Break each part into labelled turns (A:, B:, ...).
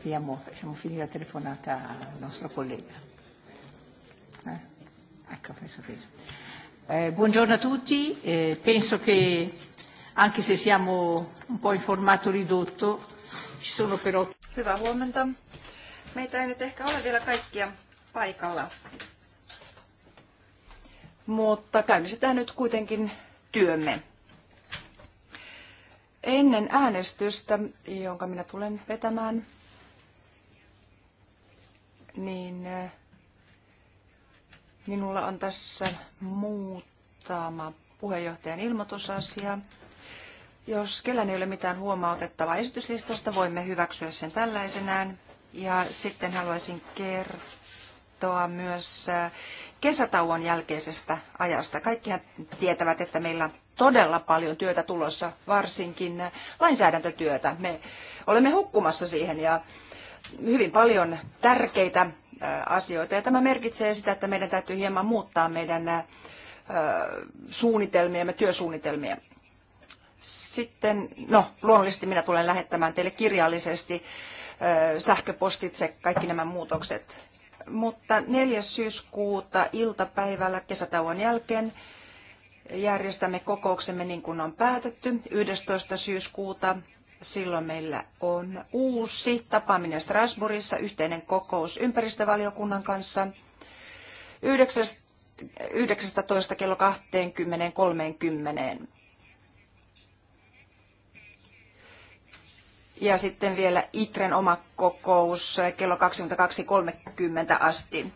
A: Abbiamo, facciamo finire la telefonata al nostro collega.
B: Eh? Ecco, penso che... eh, buongiorno a tutti, eh, penso che anche se siamo un po' in formato ridotto, ci sono però...
A: Hyvää huomenta. Meitä ei nyt ehkä ole vielä kaikkia paikalla. Mutta käynnistetään nyt kuitenkin työmme. Ennen äänestystä, jonka minä tulen vetämään, niin eh, minulla on tässä muutama puheenjohtajan ilmoitusasia. Jos kellään ei ole mitään huomautettavaa esityslistasta, voimme hyväksyä sen tällaisenään. Ja sitten haluaisin kertoa myös eh, kesätauon jälkeisestä ajasta. Kaikkihan tietävät, että meillä on todella paljon työtä tulossa, varsinkin eh, lainsäädäntötyötä. Me olemme hukkumassa siihen ja hyvin paljon tärkeitä asioita. Ja tämä merkitsee sitä, että meidän täytyy hieman muuttaa meidän suunnitelmiamme, työsuunnitelmia. Sitten, no luonnollisesti minä tulen lähettämään teille kirjallisesti sähköpostitse kaikki nämä muutokset. Mutta 4. syyskuuta iltapäivällä kesätauon jälkeen järjestämme kokouksemme niin kuin on päätetty. 11. syyskuuta Silloin meillä on uusi tapaaminen Strasbourgissa, yhteinen kokous ympäristövaliokunnan kanssa 19 kello 20.30. Ja sitten vielä Itren oma kokous kello 22.30 asti.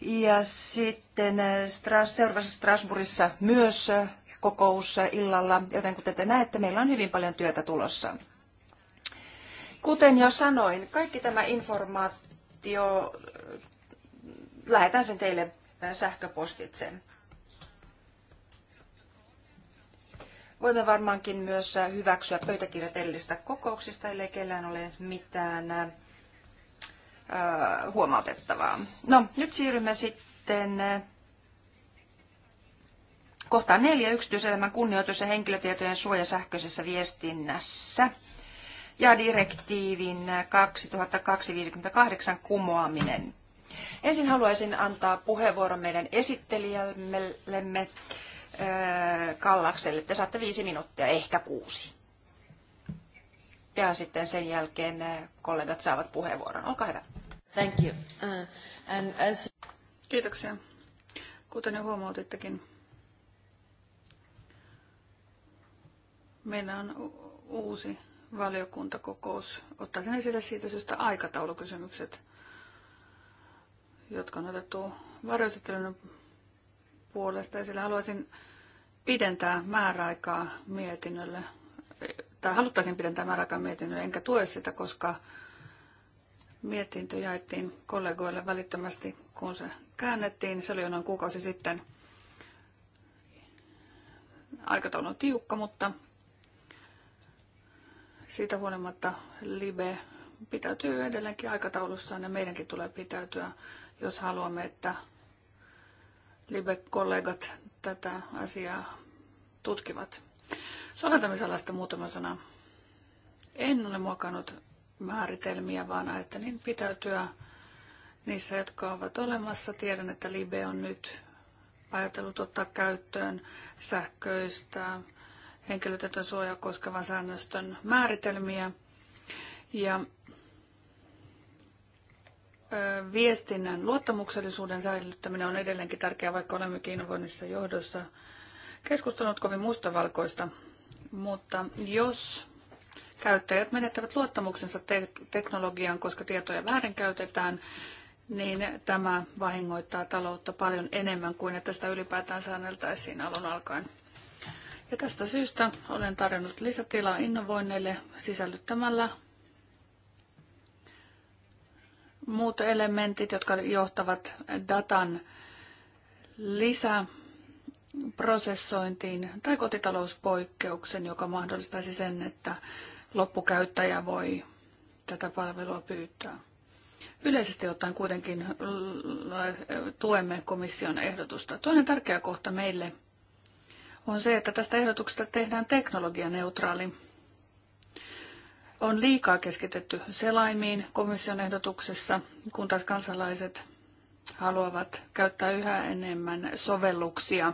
A: Ja sitten äh, seuraavassa Strasbourgissa myös äh, kokous illalla, joten kuten te näette, meillä on hyvin paljon työtä tulossa. Kuten jo sanoin, kaikki tämä informaatio, lähetän sen teille sähköpostitse. Voimme varmaankin myös hyväksyä pöytäkirjat edellisistä kokouksista, ellei kellään ole mitään äh, huomautettavaa. No, nyt siirrymme sitten Kohta neljä yksityiselämän kunnioitus ja henkilötietojen suoja sähköisessä viestinnässä ja direktiivin 2258 kumoaminen. Ensin haluaisin antaa puheenvuoron meidän esittelijällemme Kallakselle. Te saatte viisi minuuttia, ehkä kuusi. Ja sitten sen jälkeen kollegat saavat puheenvuoron. Olkaa hyvä. Thank you.
B: Uh, and as... Kiitoksia. Kuten jo huomautittekin, Meillä on uusi valiokuntakokous. Ottaisin esille siitä syystä aikataulukysymykset, jotka on otettu varjoisettelyn puolesta. Ja sillä haluaisin pidentää määräaikaa mietinnölle, tai haluttaisin pidentää määräaikaa mietinnölle, enkä tue sitä, koska mietintö jaettiin kollegoille välittömästi, kun se käännettiin. Se oli jo noin kuukausi sitten. Aikataulu on tiukka, mutta siitä huolimatta Libe pitäytyy edelleenkin aikataulussaan ja meidänkin tulee pitäytyä, jos haluamme, että Libe-kollegat tätä asiaa tutkivat. Soveltamisalasta muutama sana. En ole muokannut määritelmiä, vaan ajattelin pitäytyä niissä, jotka ovat olemassa. Tiedän, että Libe on nyt ajatellut ottaa käyttöön sähköistä henkilötietojen suojaa koskevan säännöstön määritelmiä ja viestinnän luottamuksellisuuden säilyttäminen on edelleenkin tärkeää, vaikka olemmekin innovoinnissa johdossa. Keskustelut kovin mustavalkoista, mutta jos käyttäjät menettävät luottamuksensa te- teknologiaan, koska tietoja väärinkäytetään, niin tämä vahingoittaa taloutta paljon enemmän kuin että sitä ylipäätään säänneltäisiin alun alkaen. Ja tästä syystä olen tarjonnut lisätilaa innovoinneille sisällyttämällä muut elementit, jotka johtavat datan lisäprosessointiin tai kotitalouspoikkeuksen, joka mahdollistaisi sen, että loppukäyttäjä voi tätä palvelua pyytää. Yleisesti ottaen kuitenkin tuemme komission ehdotusta. Toinen tärkeä kohta meille on se, että tästä ehdotuksesta tehdään teknologianeutraali. On liikaa keskitetty selaimiin komission ehdotuksessa, kun taas kansalaiset haluavat käyttää yhä enemmän sovelluksia.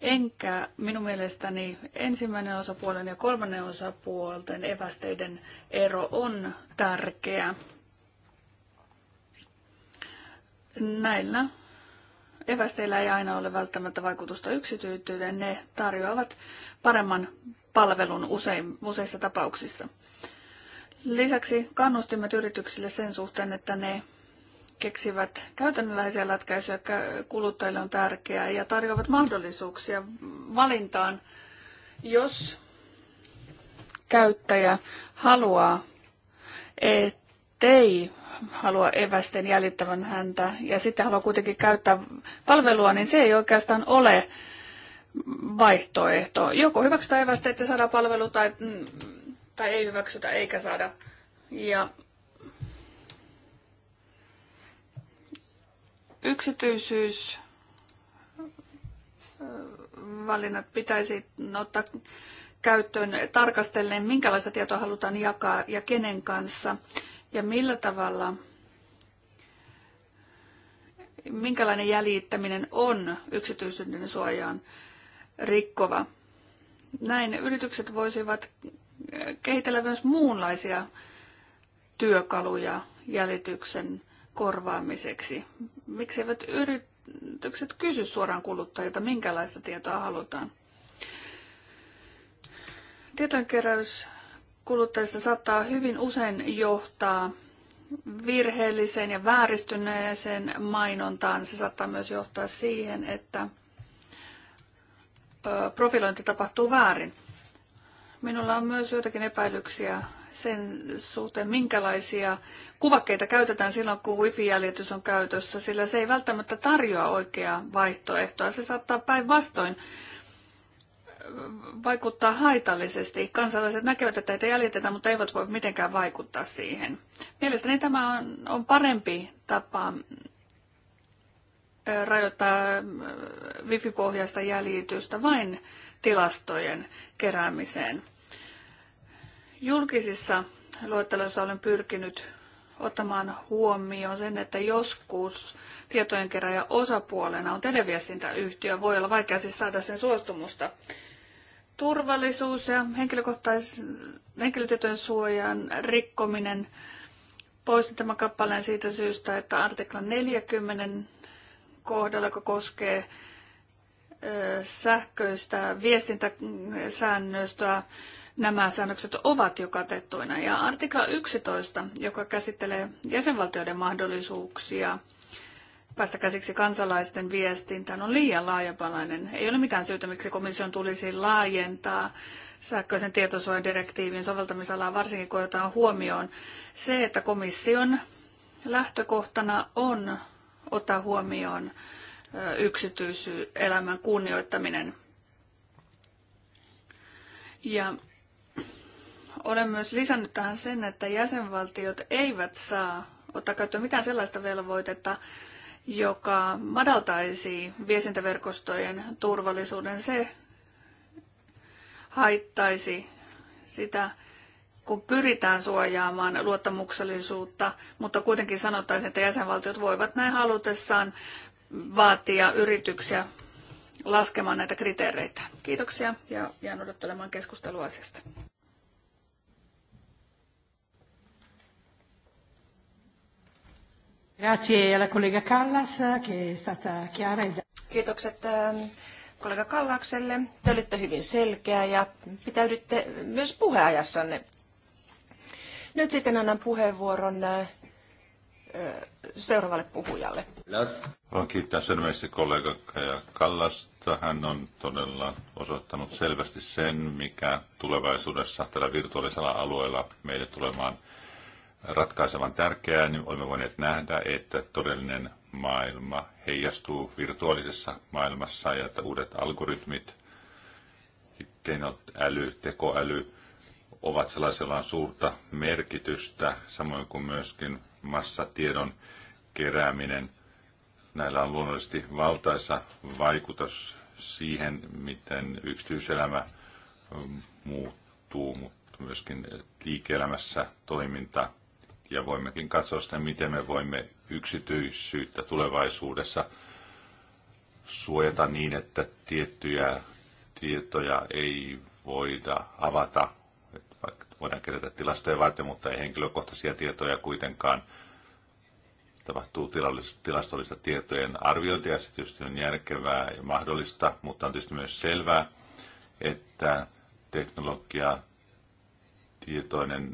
B: Enkä minun mielestäni ensimmäinen osapuolen ja kolmannen osapuolten evästeiden ero on tärkeä. Näillä evästeillä ei aina ole välttämättä vaikutusta yksityisyyteen, ne tarjoavat paremman palvelun usein, useissa tapauksissa. Lisäksi kannustimet yrityksille sen suhteen, että ne keksivät käytännönläheisiä ratkaisuja kuluttajille on tärkeää ja tarjoavat mahdollisuuksia valintaan, jos käyttäjä haluaa, ettei halua evästen jäljittävän häntä ja sitten haluaa kuitenkin käyttää palvelua, niin se ei oikeastaan ole vaihtoehto. Joko hyväksytään evästä, että saada palvelu tai, mm, tai ei hyväksytä eikä saada. Ja yksityisyys äh, valinnat pitäisi ottaa käyttöön tarkastellen, minkälaista tietoa halutaan jakaa ja kenen kanssa ja millä tavalla, minkälainen jäljittäminen on yksityisyyden suojaan rikkova. Näin yritykset voisivat kehitellä myös muunlaisia työkaluja jäljityksen korvaamiseksi. Miksi eivät yritykset kysy suoraan kuluttajilta, minkälaista tietoa halutaan? Tietojenkeräys kuluttajista saattaa hyvin usein johtaa virheelliseen ja vääristyneeseen mainontaan. Se saattaa myös johtaa siihen, että profilointi tapahtuu väärin. Minulla on myös joitakin epäilyksiä sen suhteen, minkälaisia kuvakkeita käytetään silloin, kun wifi-jäljitys on käytössä, sillä se ei välttämättä tarjoa oikeaa vaihtoehtoa. Se saattaa päinvastoin vaikuttaa haitallisesti. Kansalaiset näkevät, että heitä jäljitetään, mutta eivät voi mitenkään vaikuttaa siihen. Mielestäni tämä on, on parempi tapa rajoittaa wifi-pohjaista jäljitystä vain tilastojen keräämiseen. Julkisissa luetteloissa olen pyrkinyt ottamaan huomioon sen, että joskus tietojen keräjä osapuolena on televiestintäyhtiö, voi olla vaikea siis saada sen suostumusta turvallisuus ja henkilötietojen suojan rikkominen. Poistin tämän kappaleen siitä syystä, että artikla 40 kohdalla, joka koskee sähköistä viestintäsäännöstöä, nämä säännökset ovat jo katettuina. Ja artikla 11, joka käsittelee jäsenvaltioiden mahdollisuuksia – päästä käsiksi kansalaisten viestintään on liian laajapalainen. Ei ole mitään syytä, miksi komission tulisi laajentaa sähköisen tietosuojadirektiivin soveltamisalaa, varsinkin kun otetaan huomioon se, että komission lähtökohtana on ottaa huomioon yksityiselämän kunnioittaminen. Ja olen myös lisännyt tähän sen, että jäsenvaltiot eivät saa ottaa käyttöön mitään sellaista velvoitetta, joka madaltaisi viestintäverkostojen turvallisuuden. Se haittaisi sitä, kun pyritään suojaamaan luottamuksellisuutta, mutta kuitenkin sanotaan, että jäsenvaltiot voivat näin halutessaan vaatia yrityksiä laskemaan näitä kriteereitä. Kiitoksia ja jään odottelemaan keskustelua asiasta.
A: Grazie alla collega eh, che è stata chiara. E Kiitokset ehm, kollega Kallakselle. Te olitte hyvin selkeä ja pitäydytte myös puheajassanne. Nyt sitten annan puheenvuoron eh, eh, seuraavalle puhujalle.
C: Haluan kiittää sydämellisesti kollega Kallasta. Hän on todella osoittanut selvästi sen, mikä tulevaisuudessa tällä virtuaalisella alueella meille tulemaan ratkaisevan tärkeää, niin olemme voineet nähdä, että todellinen maailma heijastuu virtuaalisessa maailmassa ja että uudet algoritmit, keinot, äly, tekoäly ovat sellaisellaan suurta merkitystä, samoin kuin myöskin massatiedon kerääminen. Näillä on luonnollisesti valtaisa vaikutus siihen, miten yksityiselämä muuttuu, mutta myöskin liike-elämässä toiminta ja voimmekin katsoa sitä, miten me voimme yksityisyyttä tulevaisuudessa suojata niin, että tiettyjä tietoja ei voida avata. Voidaan kerätä tilastoja varten, mutta ei henkilökohtaisia tietoja kuitenkaan. Tapahtuu tilastollista tietojen arviointia, se tietysti on järkevää ja mahdollista, mutta on tietysti myös selvää, että teknologia, tietoinen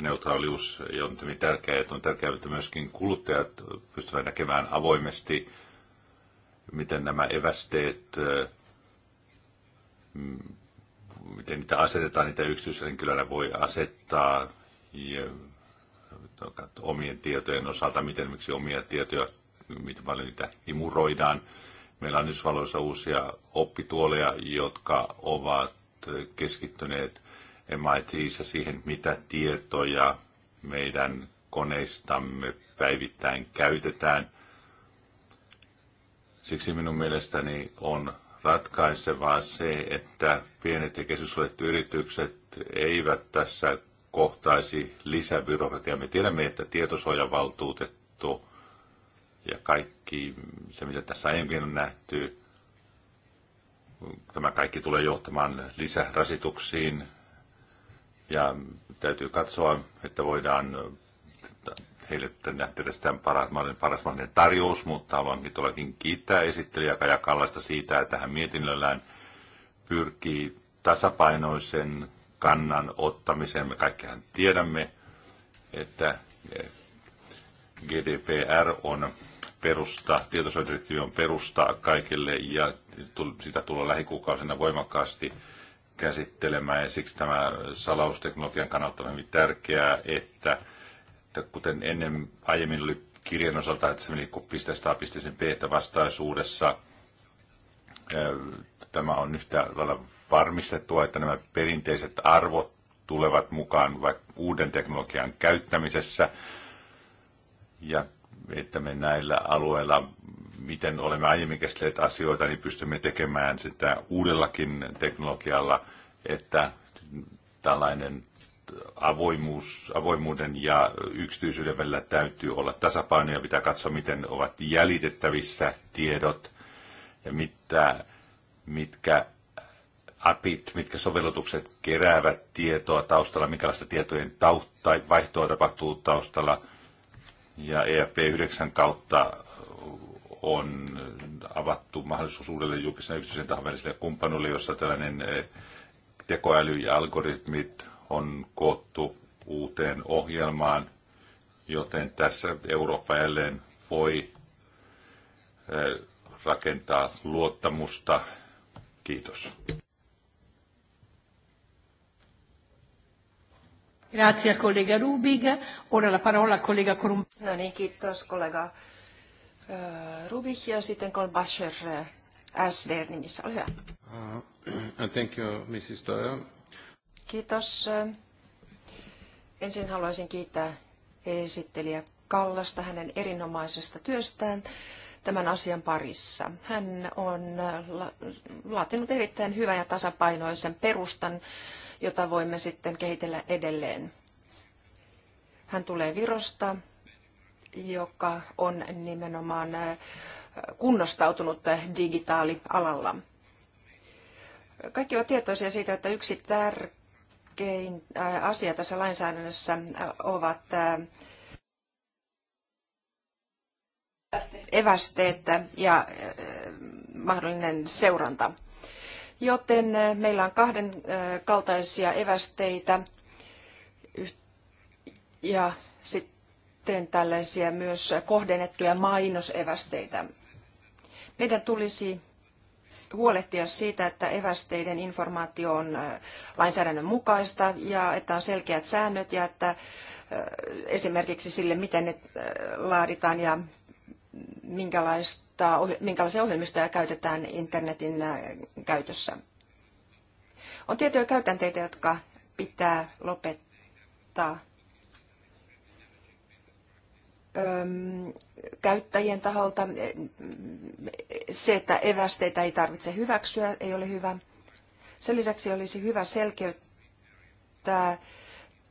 C: neutraalius ja on hyvin tärkeää, että on tärkeää, että myöskin kuluttajat pystyvät näkemään avoimesti, miten nämä evästeet, mm, miten niitä asetetaan, niitä yksityishenkilöä voi asettaa ja omien tietojen osalta, miten miksi omia tietoja, miten paljon niitä imuroidaan. Meillä on Yhdysvalloissa uusia oppituoleja, jotka ovat keskittyneet MITissä siihen, mitä tietoja meidän koneistamme päivittäin käytetään. Siksi minun mielestäni on ratkaisevaa se, että pienet ja keskisuuret yritykset eivät tässä kohtaisi lisäbyrokratiaa. Me tiedämme, että tietosuojavaltuutettu ja kaikki se, mitä tässä aiemmin on nähty, tämä kaikki tulee johtamaan lisärasituksiin ja täytyy katsoa, että voidaan heille tehdään paras, paras mahdollinen tarjous, mutta haluankin todellakin kiittää esittelijä Kaja Kallasta siitä, että hän mietinnöllään pyrkii tasapainoisen kannan ottamiseen. Me kaikkihan tiedämme, että GDPR on perusta, tietosuojadirektiivi on perusta kaikille ja sitä tulee lähikuukausina voimakkaasti käsittelemään. Ja siksi tämä salausteknologian kannalta on hyvin tärkeää, että, että kuten ennen aiemmin oli kirjan osalta, että se meni pisteestä A pisteeseen B, että vastaisuudessa tämä on yhtä lailla varmistettua, että nämä perinteiset arvot tulevat mukaan vaikka uuden teknologian käyttämisessä. Ja että me näillä alueilla, miten olemme aiemmin käsitelleet asioita, niin pystymme tekemään sitä uudellakin teknologialla, että tällainen avoimuus, avoimuuden ja yksityisyyden välillä täytyy olla tasapaino ja pitää katsoa, miten ovat jäljitettävissä tiedot ja mitä, mitkä API:t, mitkä sovellutukset keräävät tietoa taustalla, minkälaista tietojen taut- tai vaihtoa tapahtuu taustalla – ja EFP9 kautta on avattu mahdollisuus uudelle julkisen yksityisen tahon väliselle kumppanuille, jossa tällainen eh, tekoäly ja algoritmit on koottu uuteen ohjelmaan, joten tässä Eurooppa jälleen voi eh, rakentaa luottamusta. Kiitos.
B: Grazie Rubig. Ora la parola
A: No niin, kiitos kollega eh, Rubig ja sitten kollega Basher eh, SD-nimissä. Ole hyvä.
B: Uh, thank you, Mrs.
A: Kiitos. Ensin haluaisin kiittää esittelijä Kallasta hänen erinomaisesta työstään tämän asian parissa. Hän on eh, laatinut erittäin hyvän ja tasapainoisen perustan jota voimme sitten kehitellä edelleen. Hän tulee Virosta, joka on nimenomaan äh, kunnostautunut digitaalialalla. Kaikki ovat tietoisia siitä, että yksi tärkein äh, asia tässä lainsäädännössä äh, ovat evästeet ja mahdollinen seuranta. Joten eh, meillä on kahden eh, kaltaisia evästeitä ja sitten tällaisia myös kohdennettuja mainosevästeitä. Meidän tulisi huolehtia siitä, että evästeiden informaatio on eh, lainsäädännön mukaista ja että on selkeät säännöt ja että esimerkiksi sille, miten ne laaditaan ja minkälaista, minkälaisia ohjelmistoja käytetään internetin äh, käytössä. On tiettyjä käytänteitä, jotka pitää lopettaa öm, käyttäjien taholta. Eh, se, että evästeitä ei tarvitse hyväksyä, ei ole hyvä. Sen lisäksi olisi hyvä selkeyttää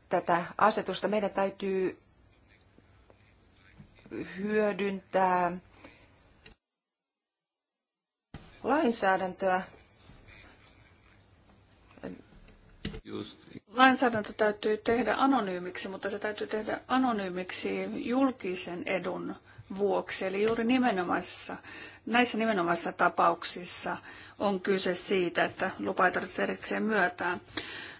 A: tätä asetusta. Meidän täytyy hyödyntää lainsäädäntöä.
B: Lainsäädäntö täytyy tehdä anonyymiksi, mutta se täytyy tehdä anonyymiksi julkisen edun vuoksi, eli juuri nimenomaisessa Näissä nimenomaisissa tapauksissa on kyse siitä, että lupa ei tarvitse erikseen myötää.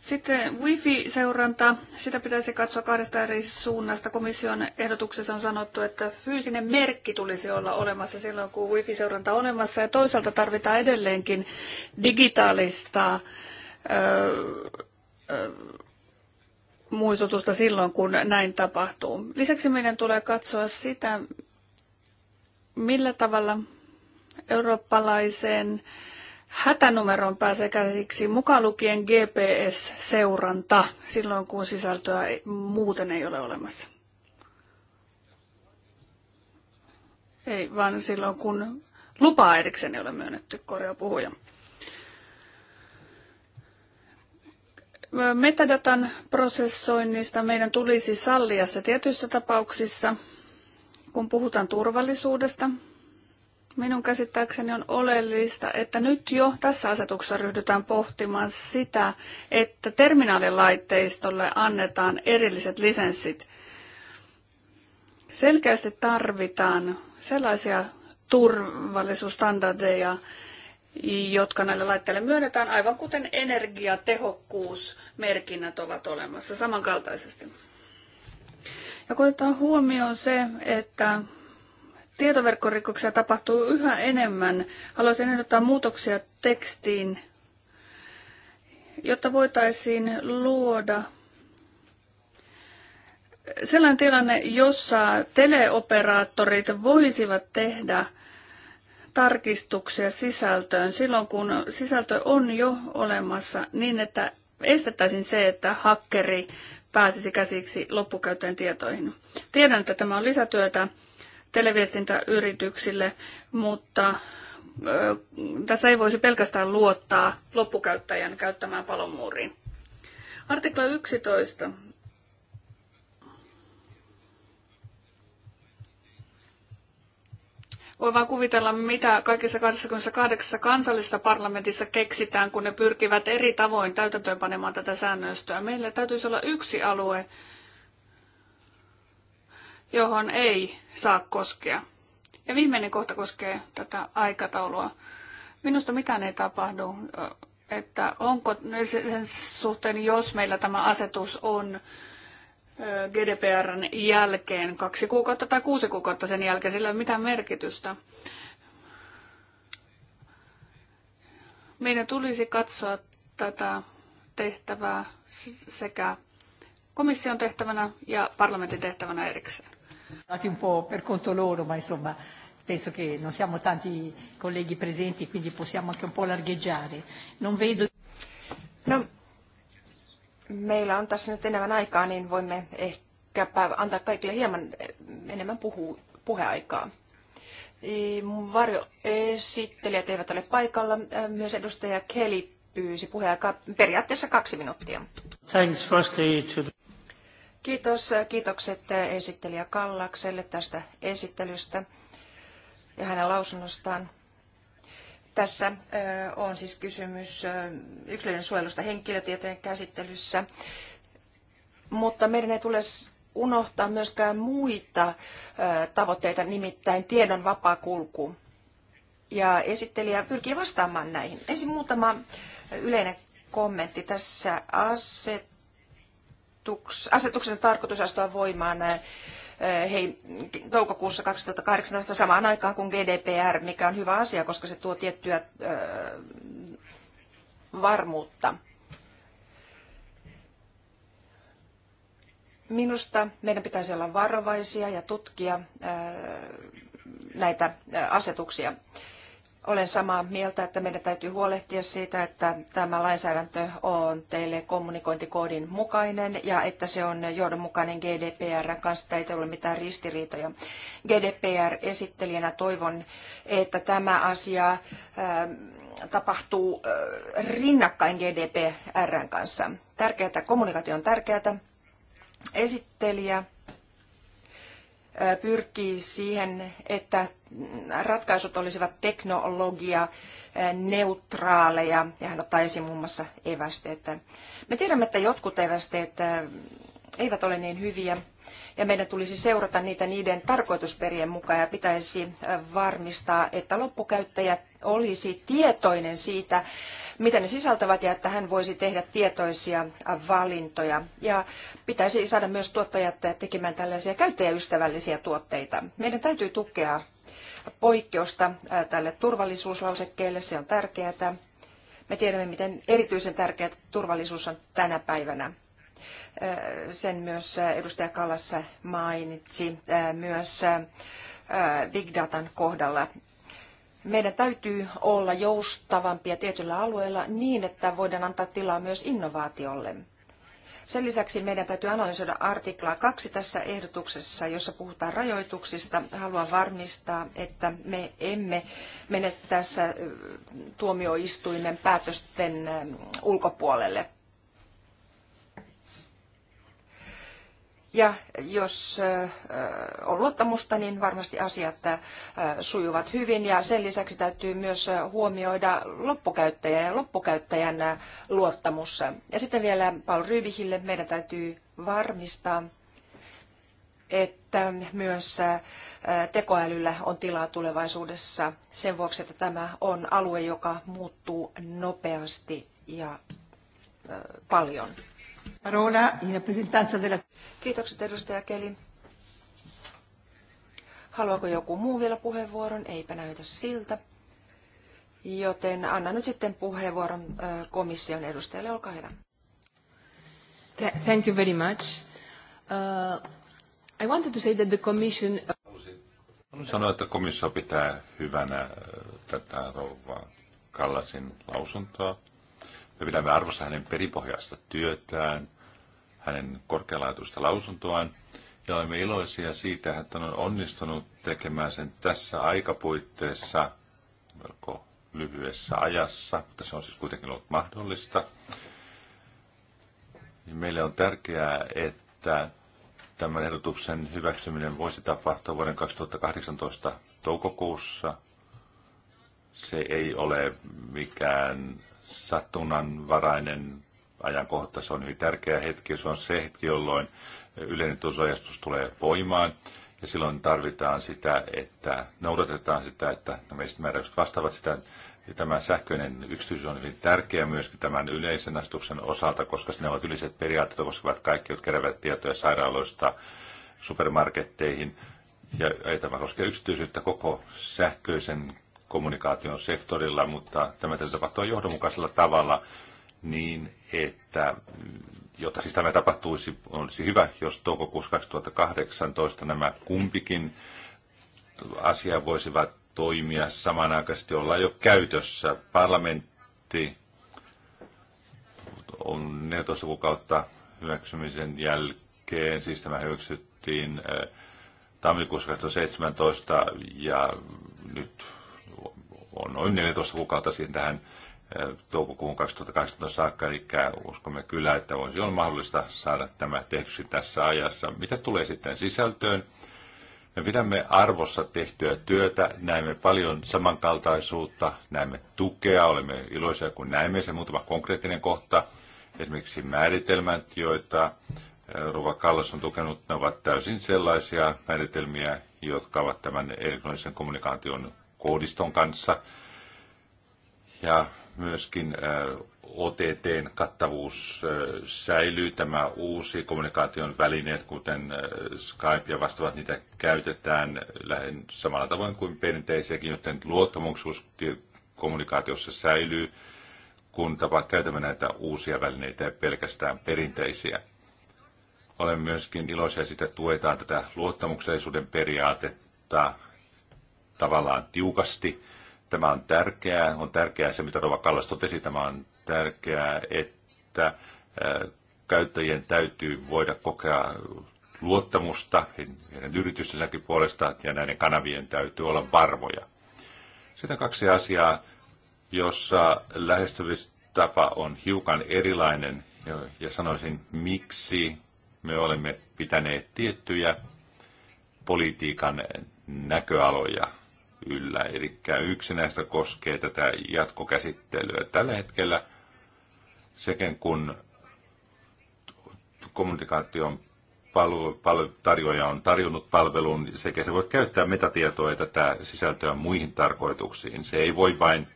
B: Sitten Wi-Fi-seuranta, sitä pitäisi katsoa kahdesta eri suunnasta. Komission ehdotuksessa on sanottu, että fyysinen merkki tulisi olla olemassa silloin, kun Wi-Fi-seuranta on olemassa. Ja toisaalta tarvitaan edelleenkin digitaalista öö, öö, muistutusta silloin, kun näin tapahtuu. Lisäksi meidän tulee katsoa sitä, millä tavalla eurooppalaiseen hätänumeroon pääsee käsiksi mukaan lukien GPS-seuranta silloin, kun sisältöä muuten ei ole olemassa. Ei, vaan silloin, kun lupaa erikseen ei ole myönnetty, korjaa Metadatan prosessoinnista meidän tulisi sallia se tietyissä tapauksissa, kun puhutaan turvallisuudesta, Minun käsittääkseni on oleellista, että nyt jo tässä asetuksessa ryhdytään pohtimaan sitä, että terminaalilaitteistolle annetaan erilliset lisenssit. Selkeästi tarvitaan sellaisia turvallisuusstandardeja, jotka näille laitteille myönnetään, aivan kuten energiatehokkuusmerkinnät ovat olemassa samankaltaisesti. Ja koetaan huomioon se, että tietoverkkorikoksia tapahtuu yhä enemmän. Haluaisin ehdottaa muutoksia tekstiin, jotta voitaisiin luoda sellainen tilanne, jossa teleoperaattorit voisivat tehdä tarkistuksia sisältöön silloin, kun sisältö on jo olemassa, niin että estettäisiin se, että hakkeri pääsisi käsiksi loppukäyttäjän tietoihin. Tiedän, että tämä on lisätyötä, televiestintäyrityksille, mutta tässä ei voisi pelkästään luottaa loppukäyttäjän käyttämään palomuuriin. Artikla 11. Voi vaan kuvitella, mitä kaikissa 28 kansallisessa parlamentissa keksitään, kun ne pyrkivät eri tavoin täytäntöönpanemaan tätä säännöstöä. Meillä täytyisi olla yksi alue, johon ei saa koskea. Ja viimeinen kohta koskee tätä aikataulua. Minusta mitään ei tapahdu, että onko sen suhteen, jos meillä tämä asetus on GDPRn jälkeen kaksi kuukautta tai kuusi kuukautta sen jälkeen, sillä ei ole mitään merkitystä. Meidän tulisi katsoa tätä tehtävää sekä komission tehtävänä ja parlamentin tehtävänä erikseen. Andati un po' per conto loro, ma insomma penso che non siamo tanti colleghi presenti, quindi possiamo anche un po' largheggiare.
A: Non vedo... No, meillä on tässä nyt enemmän aikaa, niin voimme ehkäpä antaa kaikille hieman eh, enemmän puhu, puheaikaa. Varjoesittelijät eivät ole paikalla. Myös edustaja Kelly pyysi puheaikaa periaatteessa kaksi minuuttia. Thanks firstly to the... Kiitos. Kiitokset esittelijä Kallakselle tästä esittelystä ja hänen lausunnostaan. Tässä on siis kysymys yksilöiden suojelusta henkilötietojen käsittelyssä, mutta meidän ei tule unohtaa myöskään muita tavoitteita, nimittäin tiedon vapaa kulku. Ja esittelijä pyrkii vastaamaan näihin. Ensin muutama yleinen kommentti. Tässä aset asetuksen tarkoitus astua voimaan eh, eh, hei, toukokuussa 2018 samaan aikaan kuin GDPR, mikä on hyvä asia, koska se tuo tiettyä eh, varmuutta. Minusta meidän pitäisi olla varovaisia ja tutkia näitä asetuksia. Olen samaa mieltä, että meidän täytyy huolehtia siitä, että tämä lainsäädäntö on teille kommunikointikoodin mukainen ja että se on johdonmukainen GDPR kanssa, ei ole mitään ristiriitoja. GDPR-esittelijänä toivon, että tämä asia ähm, tapahtuu äh, rinnakkain n kanssa. Tärkeää, kommunikaatio on tärkeää. Esittelijä pyrkii siihen, että ratkaisut olisivat teknologia neutraaleja, ja hän ottaa esiin muun muassa evästeet. Me tiedämme, että jotkut evästeet eivät ole niin hyviä, ja meidän tulisi seurata niitä niiden tarkoitusperien mukaan ja pitäisi varmistaa, että loppukäyttäjä olisi tietoinen siitä, mitä ne sisältävät ja että hän voisi tehdä tietoisia valintoja. Ja pitäisi saada myös tuottajat tekemään tällaisia käyttäjäystävällisiä tuotteita. Meidän täytyy tukea poikkeusta tälle turvallisuuslausekkeelle, se on tärkeää. Me tiedämme, miten erityisen tärkeä turvallisuus on tänä päivänä. Sen myös edustaja Kallas mainitsi myös Big Datan kohdalla meidän täytyy olla joustavampia tietyillä alueilla niin, että voidaan antaa tilaa myös innovaatiolle. Sen lisäksi meidän täytyy analysoida artiklaa kaksi tässä ehdotuksessa, jossa puhutaan rajoituksista. Haluan varmistaa, että me emme mene tässä tuomioistuimen päätösten ulkopuolelle. Ja jos on luottamusta, niin varmasti asiat sujuvat hyvin. Ja sen lisäksi täytyy myös huomioida loppukäyttäjä ja loppukäyttäjän luottamus. Ja sitten vielä Paul Rybihille meidän täytyy varmistaa, että myös tekoälyllä on tilaa tulevaisuudessa sen vuoksi, että tämä on alue, joka muuttuu nopeasti ja paljon. Parola in rappresentanza della... Kiitokset edustaja Keli. Haluaako joku muu vielä puheenvuoron? Eipä näytä siltä. Joten annan nyt sitten puheenvuoron komission edustajalle. Olkaa hyvä.
B: Thank you very much. Uh, I wanted to say that the commission...
C: Haluan sanoa, että komissio pitää hyvänä tätä rouvaa Kallasin lausuntoa. Me pidämme arvossa hänen peripohjaista työtään, hänen korkealaatuista lausuntoaan, ja olemme iloisia siitä, että hän on onnistunut tekemään sen tässä aikapuitteessa, melko lyhyessä ajassa, mutta se on siis kuitenkin ollut mahdollista. Niin meille on tärkeää, että tämän ehdotuksen hyväksyminen voisi tapahtua vuoden 2018 toukokuussa. Se ei ole mikään satunnanvarainen ajankohta. Se on hyvin tärkeä hetki. Se on se hetki, jolloin yleinen tulosuojastus tulee voimaan. Ja silloin tarvitaan sitä, että noudatetaan sitä, että nämä määräykset vastaavat sitä. Ja tämä sähköinen yksityisyys on hyvin tärkeä myöskin tämän yleisen astuksen osalta, koska ne ovat yleiset periaatteet, koskevat kaikki, jotka keräävät tietoja sairaaloista supermarketteihin. Ja tämä koskee yksityisyyttä koko sähköisen kommunikaation sektorilla, mutta tämä täytyy tapahtua johdonmukaisella tavalla niin, että jotta siis tämä tapahtuisi, olisi hyvä, jos toukokuussa 2018 nämä kumpikin asia voisivat toimia samanaikaisesti, olla jo käytössä. Parlamentti on 14 kuukautta hyväksymisen jälkeen, siis tämä hyväksyttiin äh, tammikuussa 2017 ja nyt on noin 14 kuukautta siihen tähän toukokuun 2018 saakka, eli uskomme kyllä, että voisi olla mahdollista saada tämä tehtyksi tässä ajassa. Mitä tulee sitten sisältöön? Me pidämme arvossa tehtyä työtä, näemme paljon samankaltaisuutta, näemme tukea, olemme iloisia kun näemme se muutama konkreettinen kohta, esimerkiksi määritelmät, joita Ruva Kallos on tukenut, ne ovat täysin sellaisia määritelmiä, jotka ovat tämän elektronisen kommunikaation koodiston kanssa ja myöskin OTTn kattavuus säilyy. Tämä uusi kommunikaation välineet, kuten Skype ja vastaavat, niitä käytetään lähden samalla tavoin kuin perinteisiäkin, joten luottamuksuus kommunikaatiossa säilyy, kun tapa käytämme näitä uusia välineitä ja pelkästään perinteisiä. Olen myöskin iloisia että tuetaan tätä luottamuksellisuuden periaatetta tavallaan tiukasti. Tämä on tärkeää. On tärkeää se, mitä Rova Kallas totesi. Tämä on tärkeää, että käyttäjien täytyy voida kokea luottamusta heidän yritystensäkin puolesta ja näiden kanavien täytyy olla varmoja. Sitten kaksi asiaa, jossa lähestymistapa on hiukan erilainen ja sanoisin, miksi me olemme pitäneet tiettyjä politiikan näköaloja yllä. Eli yksi näistä koskee tätä jatkokäsittelyä. Tällä hetkellä sekä kun kommunikaation palvelu, palvelu, tarjoaja on tarjonnut palvelun, niin sekä se voi käyttää metatietoa ja tätä sisältöä muihin tarkoituksiin. Se ei voi vain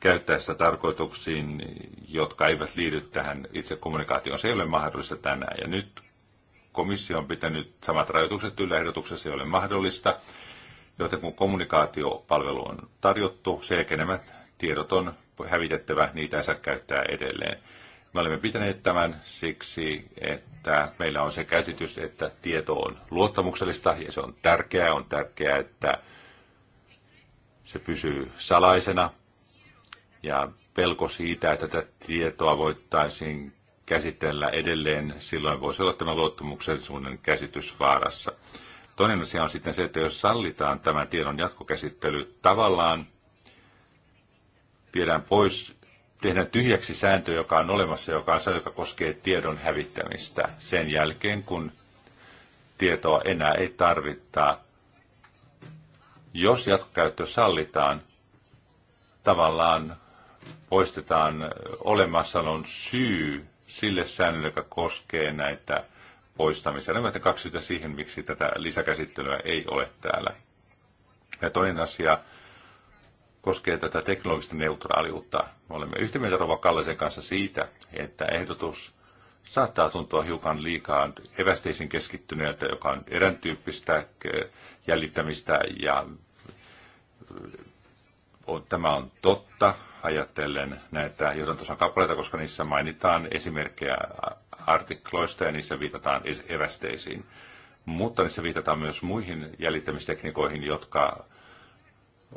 C: käyttää sitä tarkoituksiin, jotka eivät liity tähän itse kommunikaatioon. Se ei ole mahdollista tänään. Ja nyt komissio on pitänyt samat rajoitukset yllä ehdotuksessa, ei ole mahdollista joita kun kommunikaatiopalvelu on tarjottu, selkeämmät tiedot on hävitettävä, niitä ei saa käyttää edelleen. Me olemme pitäneet tämän siksi, että meillä on se käsitys, että tieto on luottamuksellista ja se on tärkeää. On tärkeää, että se pysyy salaisena ja pelko siitä, että tätä tietoa voittaisiin käsitellä edelleen, silloin voisi olla tämä luottamuksellisuuden käsitys vaarassa. Toinen asia on sitten se, että jos sallitaan tämän tiedon jatkokäsittely tavallaan, viedään pois, tehdään tyhjäksi sääntö, joka on olemassa, joka on sääntö, joka koskee tiedon hävittämistä sen jälkeen, kun tietoa enää ei tarvita. Jos jatkokäyttö sallitaan, tavallaan poistetaan olemassaolon syy sille säännölle, joka koskee näitä poistamiseen. Nämä kaksi syytä siihen, miksi tätä lisäkäsittelyä ei ole täällä. Ja toinen asia koskee tätä teknologista neutraaliutta. Me olemme yhtä mieltä Rova Kallisen kanssa siitä, että ehdotus saattaa tuntua hiukan liikaa evästeisiin keskittyneeltä, joka on erän tyyppistä jäljittämistä ja tämä on totta ajatellen näitä johdantosan kappaleita, koska niissä mainitaan esimerkkejä artikloista ja niissä viitataan evästeisiin. Mutta niissä viitataan myös muihin jäljittämistekniikoihin, jotka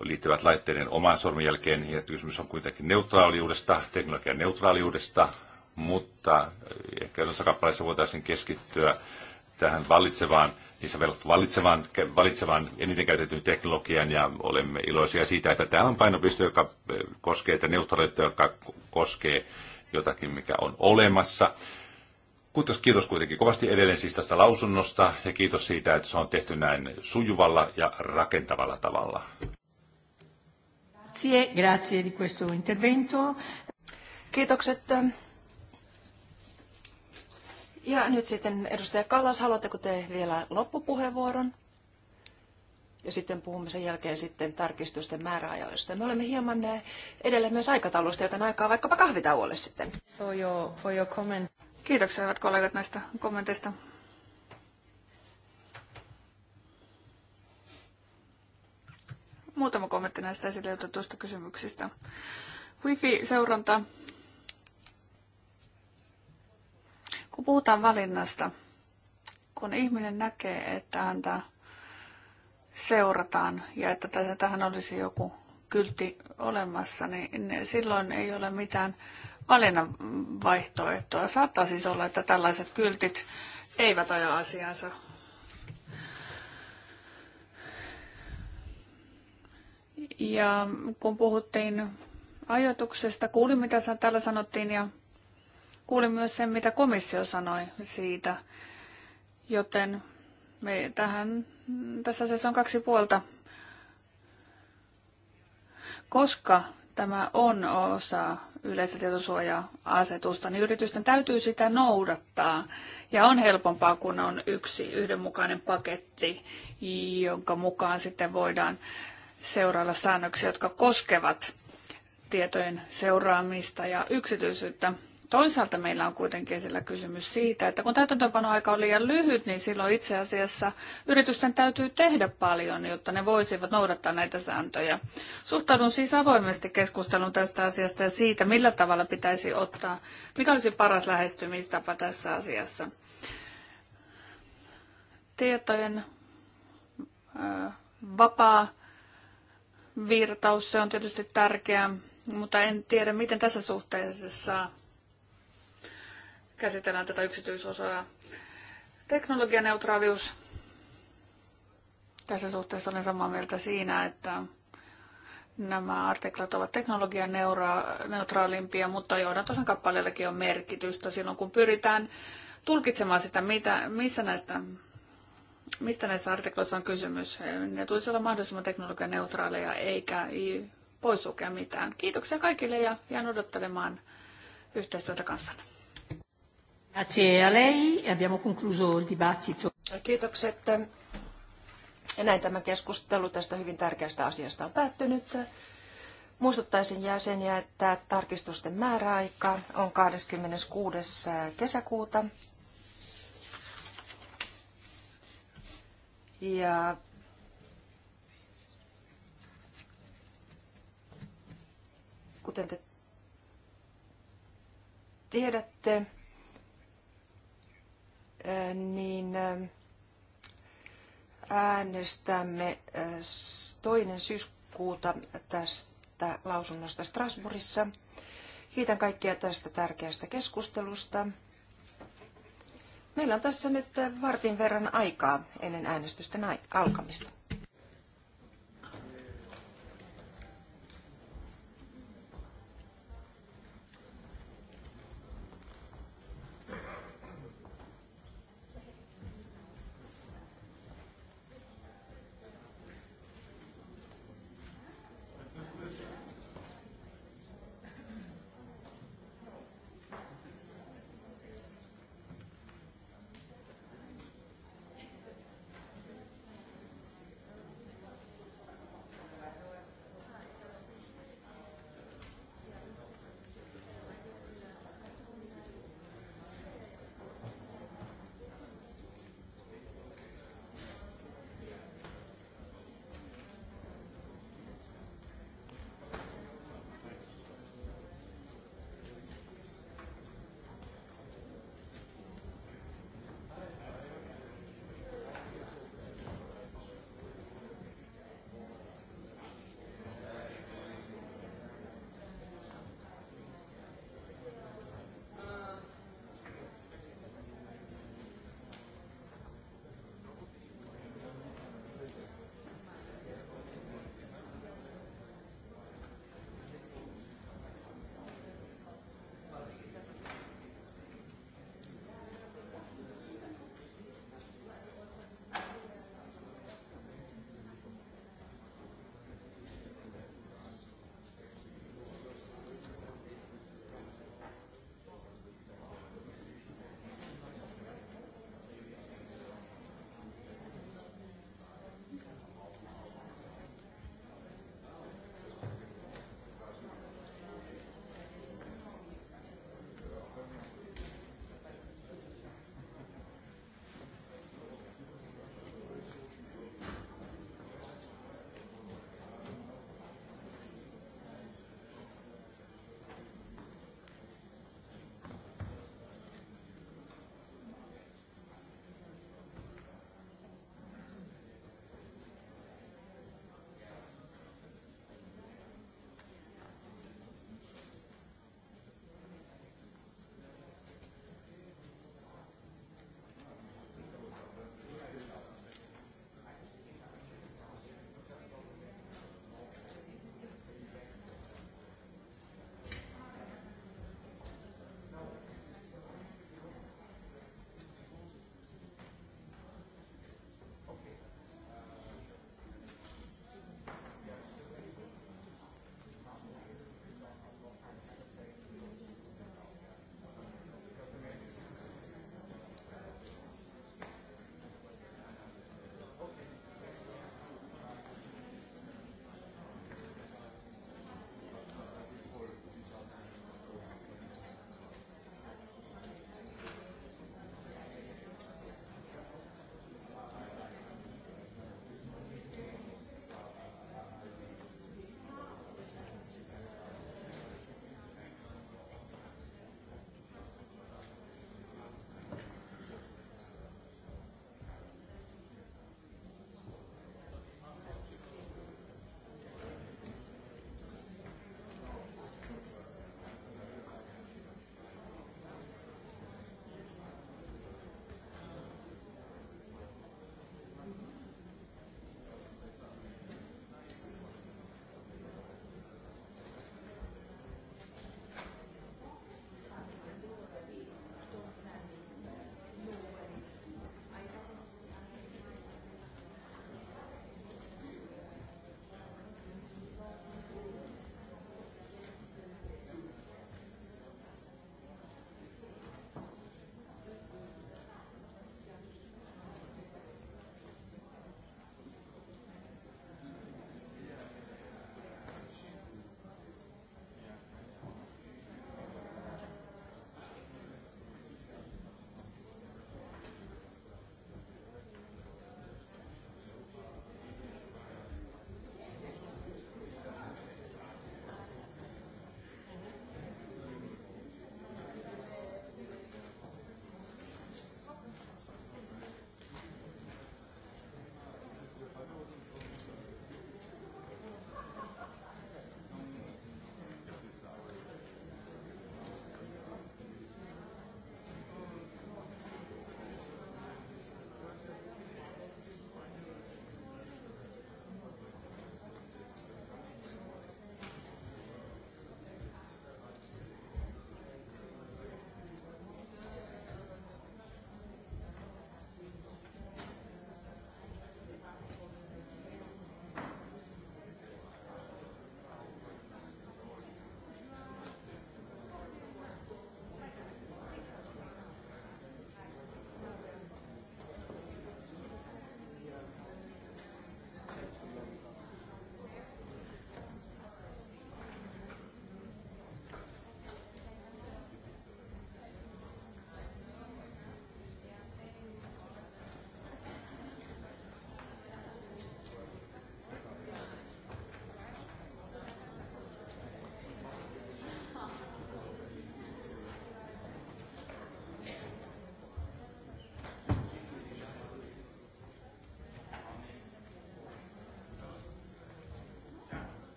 C: liittyvät laitteiden omaan sormenjälkeen. Ja kysymys on kuitenkin neutraaliudesta, teknologian neutraaliudesta, mutta eh, ehkä noissa kappaleissa voitaisiin keskittyä tähän vallitsevaan, niissä vallitsevaan, vallitsevaan eniten käytetyn teknologian ja olemme iloisia siitä, että täällä on painopiste, joka eh, koskee, että neutraaliutta, joka koskee jotakin, mikä on olemassa. Kuitos, kiitos kuitenkin kovasti edelleen siis tästä lausunnosta ja kiitos siitä, että se on tehty näin sujuvalla ja rakentavalla tavalla.
B: Grazie, grazie di questo intervento.
A: Kiitokset. Ja nyt sitten edustaja Kallas, haluatteko te vielä loppupuheenvuoron? Ja sitten puhumme sen jälkeen sitten tarkistusten määräajoista. Me olemme hieman edelleen myös aikataulusta, joten aikaa
B: vaikkapa kahvitauolle sitten. your, for your comment. Kiitoksia hyvät kollegat näistä kommenteista. Muutama kommentti näistä esille otetuista kysymyksistä. wifi seuranta Kun puhutaan valinnasta, kun ihminen näkee, että häntä seurataan ja että tähän olisi joku kyltti olemassa, niin silloin ei ole mitään valinnan vaihtoehtoa. Saattaa siis olla, että tällaiset kyltit eivät aja asiansa. Ja kun puhuttiin ajoituksesta, kuulin mitä täällä sanottiin ja kuulin myös sen, mitä komissio sanoi siitä. Joten me tähän, tässä se on kaksi puolta. Koska tämä on osa yleistä tietosuoja-asetusta, niin yritysten täytyy sitä noudattaa. Ja on helpompaa, kun on yksi yhdenmukainen paketti, jonka mukaan sitten voidaan seurailla säännöksiä, jotka koskevat tietojen seuraamista ja yksityisyyttä. Toisaalta meillä on kuitenkin esillä kysymys siitä, että kun täytäntöönpanoaika on liian lyhyt, niin silloin itse asiassa yritysten täytyy tehdä paljon, jotta ne voisivat noudattaa näitä sääntöjä. Suhtaudun siis avoimesti keskustelun tästä asiasta ja siitä, millä tavalla pitäisi ottaa, mikä olisi paras lähestymistapa tässä asiassa. Tietojen vapaa virtaus, se on tietysti tärkeää, mutta en tiedä, miten tässä suhteessa käsitellään tätä yksityisosaa. Teknologianeutraalius. Tässä suhteessa olen samaa mieltä siinä, että nämä artiklat ovat teknologianeutraalimpia, mutta johdantosan kappaleellakin on merkitystä silloin, kun pyritään tulkitsemaan sitä, mitä, missä näistä, mistä näissä artikloissa on kysymys. Ne tulisi olla mahdollisimman teknologianeutraaleja eikä poissulkea mitään. Kiitoksia kaikille ja jään odottelemaan yhteistyötä kanssanne. Grazie a lei. E abbiamo concluso il dibattito.
A: Kiitokset. Ja näin tämä keskustelu tästä hyvin tärkeästä asiasta on päättynyt. Muistuttaisin jäseniä, että tarkistusten määräaika on 26. kesäkuuta. Ja kuten te tiedätte, niin äänestämme toinen syyskuuta tästä lausunnosta Strasbourgissa. Kiitän kaikkia tästä tärkeästä keskustelusta. Meillä on tässä nyt vartin verran aikaa ennen äänestysten alkamista.